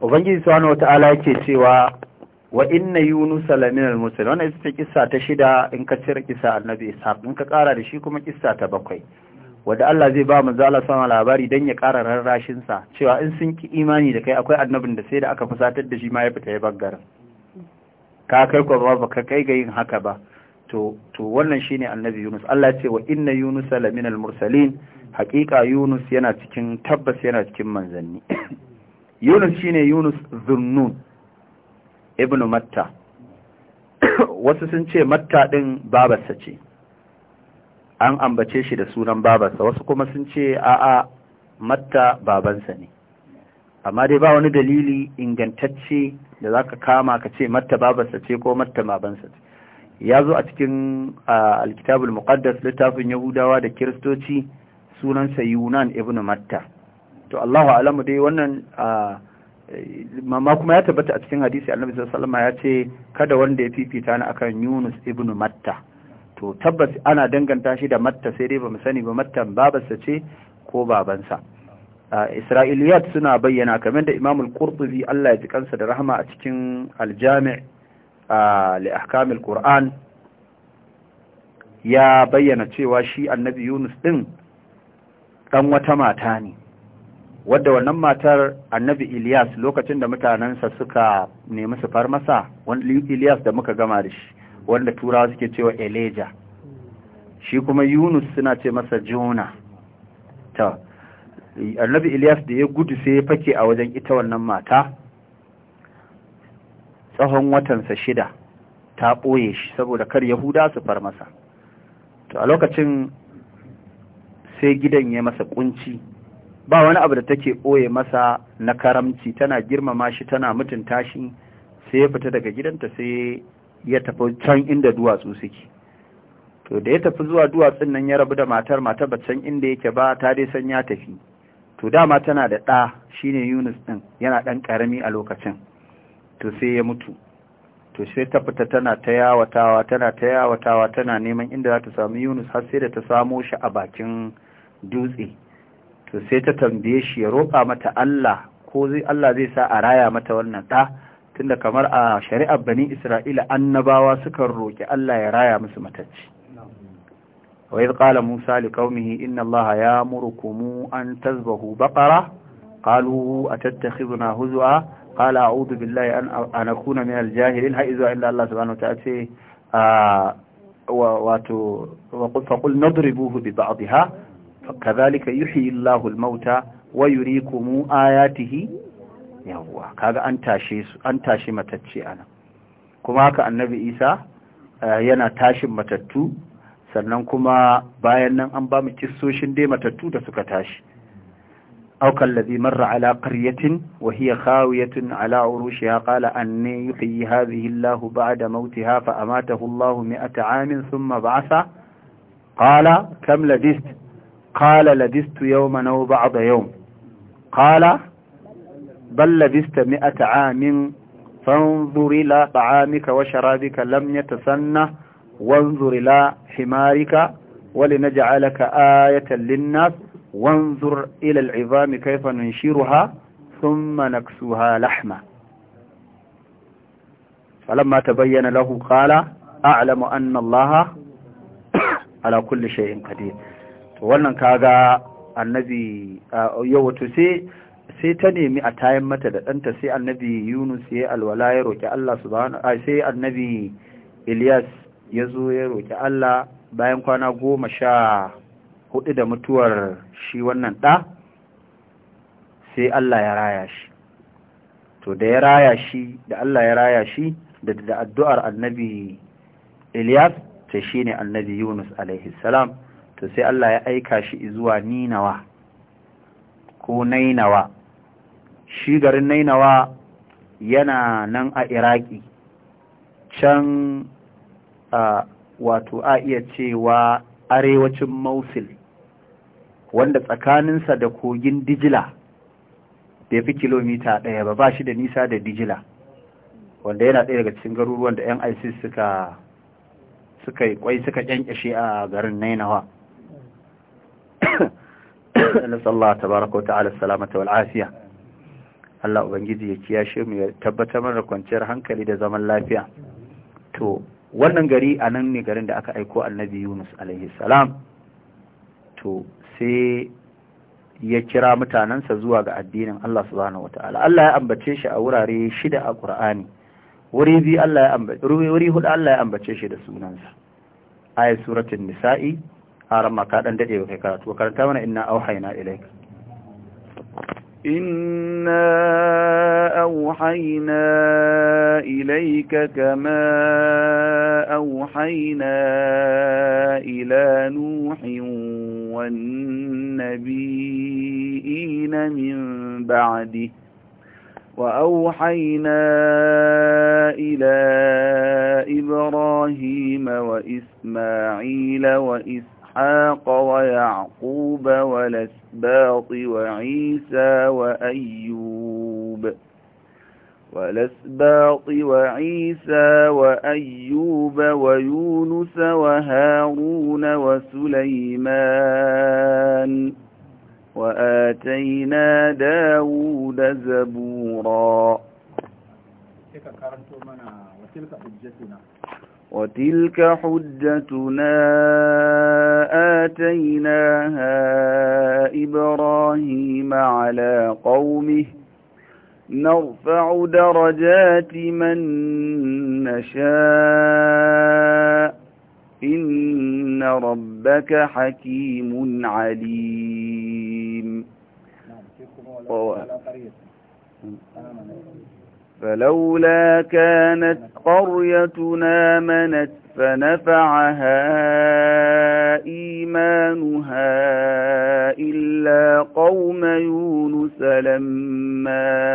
Speaker 1: وفنجي سبحانه وتعالى yake cewa wa inna Yunus laminal إذا wannan ita إن ta shida in ka cire kissa Annabi Ishaq in kara da shi kuma ta bakwai wanda Allah zai ba mu zala sama labari dan ya kara rarrashin sa cewa in sun ki imani da kai akwai annabin da sai da aka fusatar da shi ma ya fita ya baggar ka kai ko ba ka kai ga yin haka ba to wannan shine annabi Yunus Allah ce wa inna Yunus laminal mursalin hakika Yunus yana cikin tabbas yana cikin manzanni Yunus shine Yunus Zunnun Ibnu Matta wasu sun ce Matta din babarsa ce an ambace shi da sunan babarsa wasu kuma sun ce a'a Matta babansa ne amma dai ba wani dalili ingantacce da zaka kama ka ce Matta babarsa ce ko Matta babansa ce ya zo a cikin alkitabul muqaddas littafin yahudawa da kiristoci sunansa yunan ibn matta to Allahu alamu dai wannan mamma kuma ya tabbata a cikin hadisi annabi sallallahu ya ce kada wanda ya fifita ni akan yunus ibn matta to tabbas ana danganta shi da matta sai dai bamu sani ba matta babarsa ce ko babansa isra'iliyat suna bayyana kamar da imamul qurtubi Allah ya ji kansa da rahama a cikin aljami' li ahkamil qur'an ya bayyana cewa shi annabi yunus ɗin ɗan wata mata ne wadda wannan matar annabi ilyas lokacin da mutanensa suka nemi su far masa wani ilyas da muka gama da shi wanda turawa suke cewa eleja shi kuma yunus suna ce masa jona ta annabi ilyas da ya gudu sai ya fake a wajen ita wannan mata Tsahon watansa shida ta ɓoye shi saboda kar yahuda su far masa to a lokacin sai gidan ya masa ƙunci, ba wani abu da take ɓoye masa na karamci tana girmama shi tana mutunta shi sai ya fita daga gidanta sai ya tafi can inda duwatsu suke to da ya tafi zuwa duwatsun nan ya rabu da matar mata ba can inda yake ba ta dai san ya tafi to dama tana da ɗa shine Yunus ɗin yana ɗan ƙarami a lokacin to sai ya mutu to sai ta fita tana ta yawatawa tana ta yawatawa tana neman inda za ta samu Yunus har sai da ta samo shi a bakin dutse to sai ta tambaye shi ya roƙa mata Allah ko zai Allah zai sa a raya mata wannan ɗa tunda kamar a shari'ar bani Isra'ila annabawa sukan roƙi Allah ya raya musu matacci wa idh qala Musa liqaumihi inna Allah ya'murukum an tazbahu baqara qalu atattakhizuna huzwa qala a'udhu billahi an an akuna min al-jahilin har izuwa inda Allah subhanahu wa ta'ala ce wato fa qul nadribuhu bi ba'dihha kadhalika yuhyi Allahu al-mauta wa yurikumu ayatihi yawwa kaga an tashe su an tashi matacce ana kuma haka annabi Isa yana tashin matattu sannan kuma bayan nan an ba mu kissoshin dai matattu da suka tashi أو كالذي مر على قرية وهي خاوية على عروشها قال أني يحيي هذه الله بعد موتها فأماته الله مئة عام ثم بعث قال كم لبثت قال لبثت يوما أو بعض يوم قال بل لبثت مئة عام فانظر إلى طعامك وشرابك لم يتسنى وانظر إلى حمارك ولنجعلك آية للناس wanzur ila al'izami kaifa nunshiruha thumma ha lahma falamma bayyana lahu kala a a'lamu anna allaha ala kulle shay'in qadir to wannan kaga annabi uh, yau wato sai ta nemi a tayin mata da ɗanta sai annabi yunus ya alwala ya roƙi allah subhanahu sai annabi ilyas ya zo ya roƙi allah bayan kwana goma sha hudu da mutuwar shi wannan ɗa sai Allah ya raya shi to da ya raya shi da Allah ya raya shi da da addu'ar annabi Ilyas ta shi ne annabi Yunus alaihi salam to sai Allah ya aika shi zuwa Ninawa ko Nainawa shi garin Nainawa yana nan a Iraki can wato a iya cewa arewacin Mosul wanda tsakaninsa da kogin dijila bai fi kilomita ɗaya ba ba shi da nisa da dijila wanda yana ɗaya daga cikin garuruwan da 'yan isis suka suka yi kwai suka kyankyashe a garin nainawa nasallah tabaraka wata'ala salamata wal afiya Allah ubangiji ya kiyashe mu ya tabbatar mana kwanciyar hankali da zaman lafiya to wannan gari a nan ne garin da aka aiko annabi Yunus alaihi salam to sai ya kira mutanensa zuwa ga addinin Allah subhanahu wataala Allah ya ambace shi a wurare shida a Qur'ani wuri bi Allah ya ambace wuri hudu Allah ya ambace shi da sunansa ayat suratul nisa'i haram ma ka dan dade kai karatu karanta mana inna auhayna ilayka
Speaker 2: إنا أوحينا إليك كما أوحينا إلى نوح والنبيين من بعده وأوحينا إلى إبراهيم وإسماعيل وإسماعيل وإسحاق ويعقوب ولسباط وعيسى وأيوب ولسباط وعيسى وأيوب ويونس وهارون وسليمان وآتينا داود زبورا
Speaker 1: إيه تلك حجتنا
Speaker 2: وتلك حجتنا آتيناها إبراهيم على قومه نرفع درجات من نشاء إن ربك حكيم عليم نعم، فلولا كانت قريتنا منت فنفعها إيمانها إلا قوم يونس لما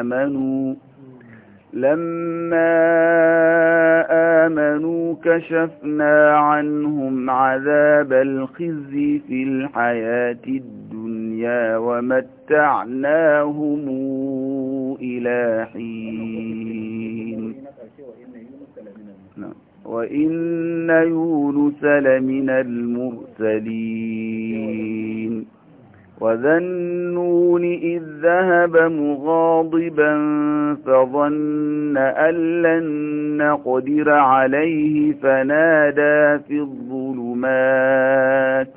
Speaker 2: آمنوا لما آمنوا كشفنا عنهم عذاب الخزي في الحياة الدنيا ومتعناهم إلى حين نعم. وإن يونس لمن المرسلين وذنون إذ ذهب مغاضبا فظن أن لن نقدر عليه فنادى في الظلمات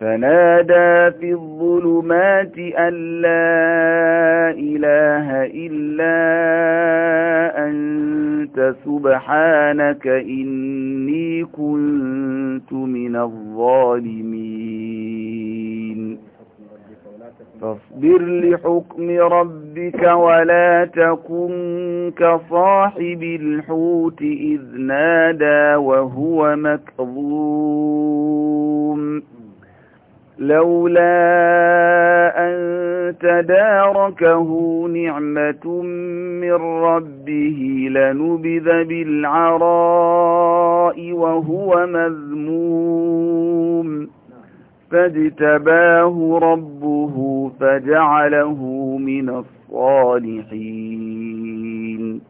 Speaker 2: فنادى في الظلمات أن لا إله إلا أنت سبحانك إني كنت من الظالمين فاصبر لحكم ربك ولا تكن كصاحب الحوت إذ نادى وهو مكظوم لولا أن تداركه نعمة من ربه لنبذ بالعراء وهو مذموم فاجتباه ربه
Speaker 1: فجعله من الصالحين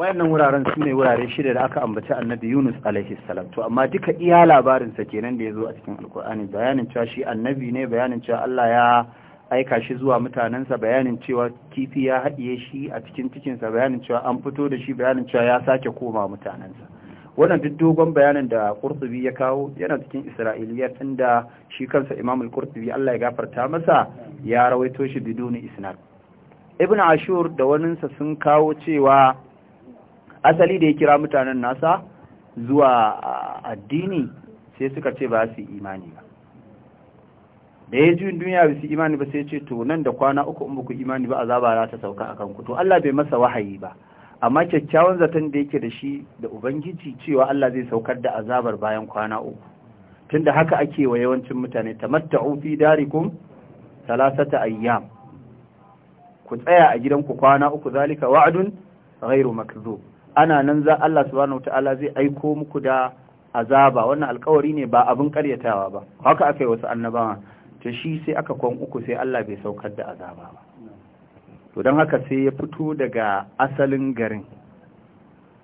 Speaker 1: wayannan wuraren su ne wurare shida da aka ambaci annabi yunus alaihi salam to amma duka iya labarinsa kenan da ya zo a cikin alkur'ani bayanin cewa shi annabi ne bayanin cewa allah ya aika shi zuwa mutanensa bayanin cewa kifi ya haɗiye shi a cikin cikinsa bayanin cewa an fito da shi bayanin cewa ya sake koma mutanensa wannan duk dogon bayanin da kurtubi ya kawo yana cikin isra'iliya inda shi kansa imamul kurtubi allah ya gafarta masa ya rawaito shi biduni isnad ibn ashur da waninsa sun kawo cewa asali da ya kira mutanen nasa zuwa addini sai suka ce ba su imani ba da ya juyin duniya ba su imani ba sai ce to nan da kwana uku in baku imani ba a za ta sauka a kanku to Allah bai masa wahayi ba amma kyakkyawan zaton da yake da shi da ubangiji cewa Allah zai saukar da azabar bayan kwana uku tunda haka ake wa yawancin mutane tamatta'u fi darikum salasata ayyam ku tsaya a gidanku kwana uku zalika wa'dun ghairu makdhub ana nan za Allah subhanahu wataala zai aiko muku da azaba wannan alkawari ne ba abin karyatawa ba haka aka yi wasu annabawa ta shi sai aka kwan uku sai Allah bai saukar da azaba ba to don haka sai ya fito daga asalin garin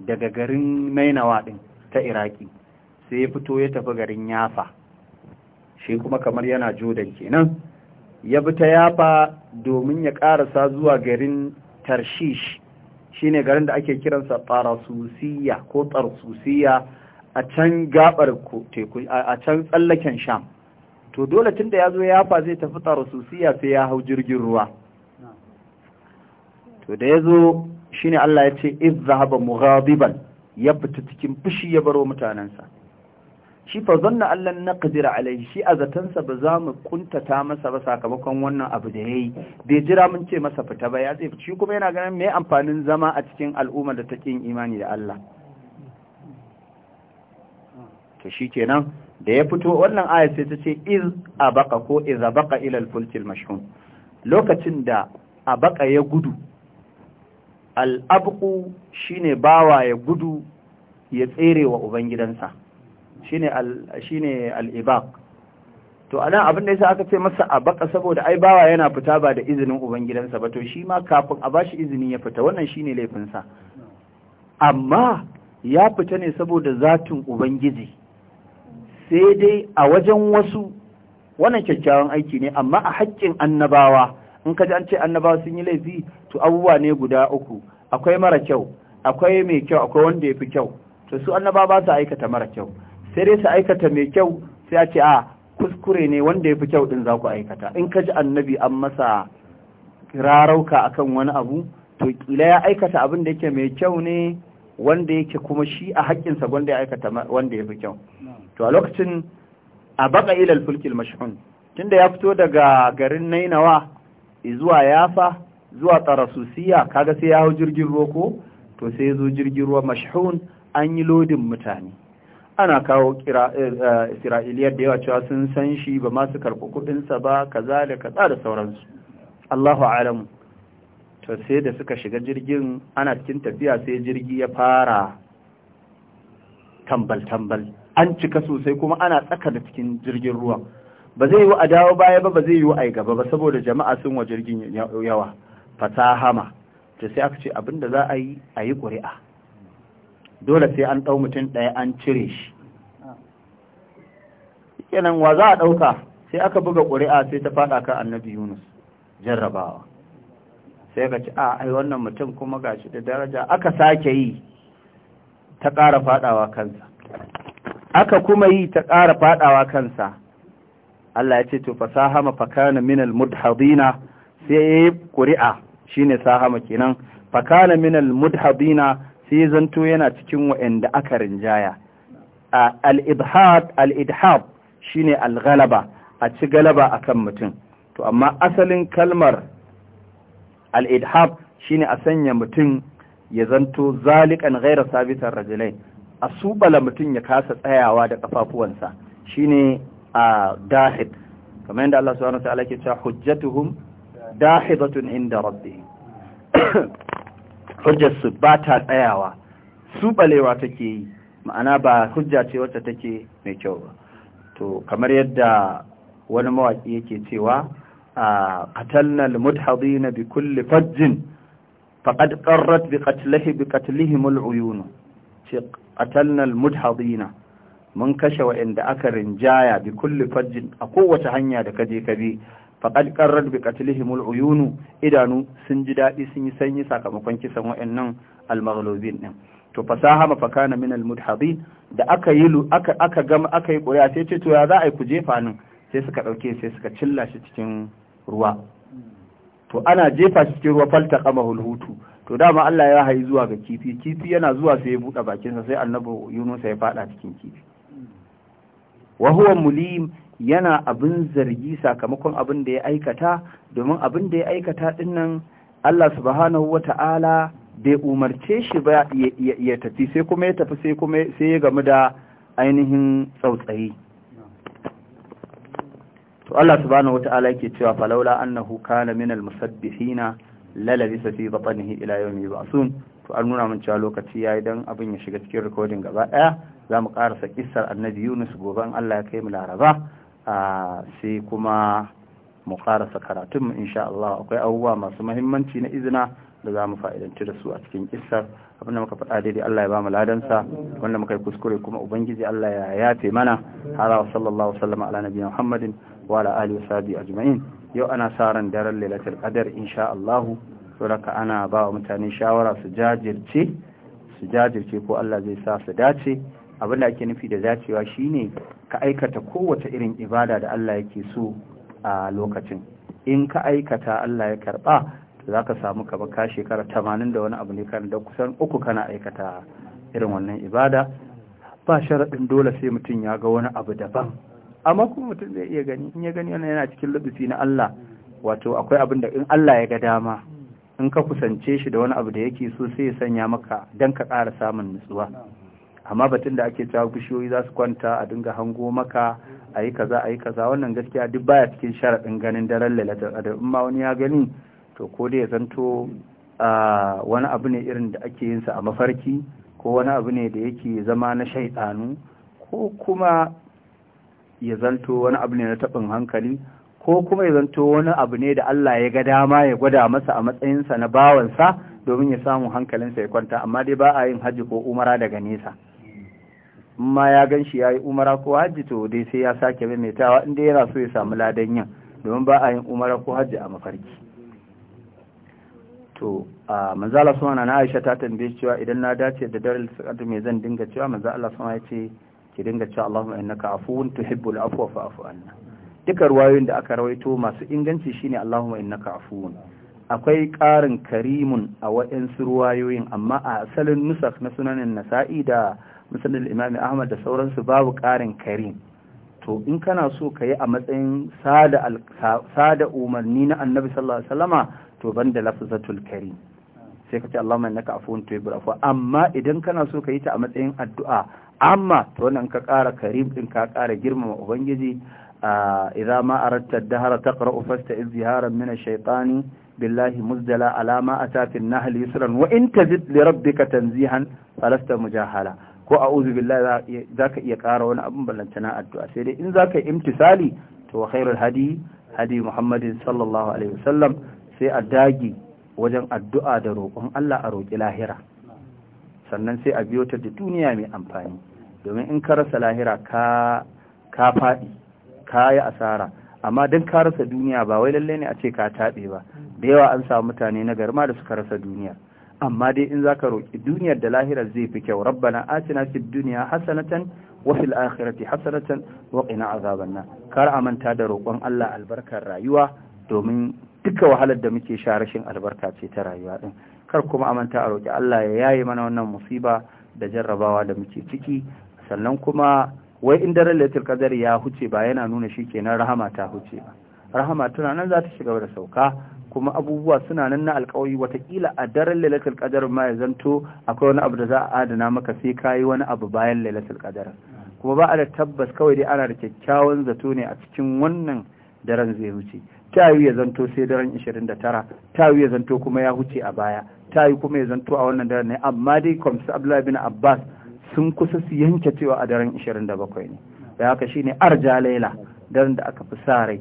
Speaker 1: daga garin nainawa din ta iraki sai ya fito ya tafi garin yafa shi kuma kamar yana jodan kenan ya bi ta yafa domin ya karasa zuwa garin tarshish shine garin da ake kiransa tsarasusiya ko Tarsusiya a can gabar teku a can tsallaken Sham to dole tun da ya zo ya Yafa zai tafi tsarasusiya sai ya hau jirgin ruwa to da yazo shine Allah ya ce iz zahaba mughadiban ya fita cikin fushi ya baro mutanensa." shi fa zanna allan na kadira alai shi a zatansa ba za mu kuntata masa ba sakamakon wannan abu da ya bai jira mun ce masa fita ba ya tsaye shi kuma yana ganin me amfanin zama a cikin al'umma da ta yin imani da Allah to shi kenan da ya fito wannan aya sai ta ce iz abaka ko iz ilal ila al-fulkil mashhun lokacin da abaka ya gudu al-abqu shine bawa ya gudu ya tsere wa ubangidansa shine al to anan abin da yasa aka ce masa a abaka saboda ai bawa yana fita ba da izinin ubangidansa ba to shi ma kafin a bashi izini ya fita wannan shine laifinsa amma ya fita ne saboda zatin ubangiji sai dai a wajen wasu wannan kyakkyawan aiki ne amma a haƙƙin annabawa in ka ji an ce annabawa sun yi laifi to abubuwa ne guda uku akwai mara kyau akwai mai kyau akwai wanda ya fi kyau to su annabawa ba su aikata mara kyau sai dai su aikata mai kyau sai a ce a kuskure ne wanda ya fi kyau din za ku aikata in ka ji annabi an masa rarauka akan wani abu to kila ya aikata abin da yake mai kyau ne wanda yake kuma shi a haƙƙinsa wanda ya aikata wanda ya fi kyau to a lokacin a baka ilal fulkil mashhun tunda ya fito daga garin nainawa zuwa yafa zuwa tarasusiya kaga sai ya hau jirgin roko to sai ya zo jirgin ruwa mashhun an yi lodin mutane ana kawo eh, isra'iliyar da yawa cewa sun san shi ba masu karɓi kuɗinsa ba kaza da kaza da sauransu allahu alamu to sai da suka shiga jirgin ana cikin tafiya sai jirgi ya fara tambal-tambal an cika sosai kuma ana tsaka da cikin jirgin ruwa ba zai yi a dawo baya ba ba zai yi a gaba ba saboda jama'a sun wa jirgin yawa fasahama to sai aka ce abinda za a yi a yi ƙuri'a dole sai an ɗau mutum ɗaya an cire shi kenan wa za a ɗauka sai aka buga ƙuri'a sai ta faɗa kan annabi yunus jarrabawa sai ka ci a ai wannan mutum kuma gashi da daraja aka sake yi ta ƙara faɗawa kansa aka kuma yi ta ƙara faɗawa kansa Allah ya ce to fasahama fakana minal mudhadina sai yayi ƙuri'a shine sahama kenan fakana minal mudhadina sai zanto yana cikin wa'anda aka rinjaya al-idhab shine al galaba a ci galaba a kan mutum to amma asalin kalmar al-idhab shine a sanya mutum ya zanto zalikan gaira sabitan rajilai a subala mutum ya kasa tsayawa da kafafuwansa shine a dahid kamar yadda Allah subhanahu wa ta'ala ke cewa hujjatuhum dahidatun inda rabbihim su ba ta tsayawa su balewa take yi ma'ana ba hujja ce wacce take mai kyau ba to kamar yadda wani mawaki yake cewa a qatalnal mudhadina bi kulli fajjin faqad qarrat bi qatlihi bi qatlihim al-uyun ce qatalnal na mun kashe wa'anda aka rinjaya bi kulli fajjin a kowace hanya da kaje ka bi faƙad ƙarar bi katilihimul uyunu idanu sun ji daɗi sun yi sanyi sakamakon kisan wa'annan almaghlubin din to fasaha na min almudhadin da aka yi aka gama aka yi ƙuri'a sai ce to ya za a yi ku jefa nan sai suka ɗauke sai suka cilla shi cikin ruwa to ana jefa shi cikin ruwa falta kama hulhutu to dama Allah ya hayi zuwa ga kifi kifi yana zuwa sai ya buɗe bakinsa sai annabi Yunus ya faɗa cikin kifi wa huwa mulim yana abin zargi sakamakon abin da ya aikata domin abin da ya aikata nan, Allah subhanahu wata'ala bai umarce shi ba ya tafi sai kuma ya tafi sai kuma sai ya gamu da ainihin tsautsayi to Allah subhanahu wata'ala yake cewa falaula annahu kana minal musabbihina lalabisa fi batnihi ila yawmi yub'athun to an nuna mun cewa lokaci yayi dan abin ya shiga cikin recording gaba daya zamu karasa kissar annabi Yunus gobe in Allah ya kai mu Laraba sai kuma mu karasa karatunmu insha Allah akwai abubuwa masu mahimmanci na izina da za mu fa'idanci da su a cikin kissar abinda muka faɗa daidai Allah ya ba mu ladansa wanda muka yi kuskure kuma ubangiji Allah ya yafe mana alaihi wa sallallahu sallama ala Muhammadin wa ala alihi sabi ajma'in yau ana sa ran daren lailatul qadar insha Allah saboda ana ba wa mutane shawara su jajirce su jajirce ko Allah zai sa su dace abinda ake nufi da dacewa shine ka aikata kowace irin ibada da Allah yake so a lokacin in ka aikata Allah ya karba za ka samu ba ka shekara tamanin da wani abu ne kan da kusan uku kana aikata irin wannan ibada ba sharaɗin dole sai mutum ya ga wani abu daban amma kuma mutum zai iya gani in ya gani wannan yana cikin lubusi na Allah wato akwai abin da in Allah ya ga dama in ka kusance shi da wani abu da yake so sai ya sanya maka dan ka ƙara samun nutsuwa amma batun da ake cewa bishiyoyi za su kwanta a dinga hango maka a yi kaza a yi kaza wannan gaskiya duk baya cikin sharaɗin ganin daren lalatar adar in ma wani ya gani to ko dai ya zanto wani abu ne irin da ake yinsa a mafarki ko wani abu ne da yake zama na shaiɗanu ko kuma ya zanto wani abu ne na taɓin hankali ko kuma ya zanto wani abu ne da Allah ya ga dama ya gwada masa a matsayinsa na bawansa domin ya samu hankalinsa ya kwanta amma dai ba a yin hajji ko umara daga nesa ma ya gan shi ya yi umara ko hajji to dai sai ya sake maimaitawa inda yana so ya samu ladan yin domin ba a yin umara ko hajji a mafarki to a manzo Allah subhanahu na Aisha ta tambaye cewa idan na dace da darul sakatu me zan dinga cewa manzo Allah subhanahu ya ce ki dinga cewa Allahumma innaka afuwun tuhibbul afwa fa'fu anna duka ruwayoyin da aka rawaito masu inganci shine Allahumma innaka afuwun akwai ƙarin karimun a waɗansu ruwayoyin amma a asalin nusakh na sunanin nasa'i da musnad imami ahmad da sauransu babu ƙarin karim to in kana so ka yi a matsayin sada umarni na annabi sallallahu alaihi wasallama to banda lafzatul karim sai ka ce Allahumma innaka afuwun tuhibbul afwa amma idan kana so ka yi ta a matsayin addu'a amma to wannan ka ƙara karim din ka ƙara girmama ubangiji idza ma aradta ad-dahra taqra'u fasta'iz ziharan min ash-shaytani billahi muzdala ala ma ata fi an-nahl yusran wa in tazid li rabbika tanzihan falasta mujahala ko a'udhu billahi zaka iya ƙara wani abin ballantana addu'a sai dai in zaka imtisali to khairul hadi hadi muhammadin sallallahu alaihi wasallam sai a dagi wajen addu'a da roƙon Allah a roƙi lahira sannan sai a biyo ta da duniya mai amfani domin in ka rasa lahira ka ka faɗi ka yi asara amma don ka rasa duniya ba wai lallai ne a ce ka taɓe ba da yawa an samu mutane na garma da suka rasa duniya amma dai in zaka roki duniyar da lahirar zai fi kyau rabbana atina fid dunya hasanatan wa fil akhirati hasanatan wa qina azabanna kar amanta da roƙon Allah albarkar rayuwa domin duka wahalar da muke sha rashin albarka ce ta rayuwa din kar kuma manta a roƙi Allah ya yaye mana wannan musiba da jarrabawa da muke ciki sannan kuma wai in daren lailatul qadar ya huce ba yana nuna shi kenan rahama ta huce ba rahama tana nan za ta shiga da sauka kuma abubuwa suna nan na alkawari watakila a daren lailatul qadar ma ya zanto akwai wani abu da za a adana maka sai kayi wani abu bayan lailatul qadar kuma ba a da tabbas kawai dai ana da kyakkyawan zato ne a cikin wannan daren zai wuce tayi ya zanto sai daren 29 tayi ya zanto kuma ya huce a baya tayi kuma ya zanto a wannan daren ne amma dai kwamsa abdullahi bin abbas sun kusa su yanke cewa a daren 27 ne da haka shine arja laila daren da aka fi sa rai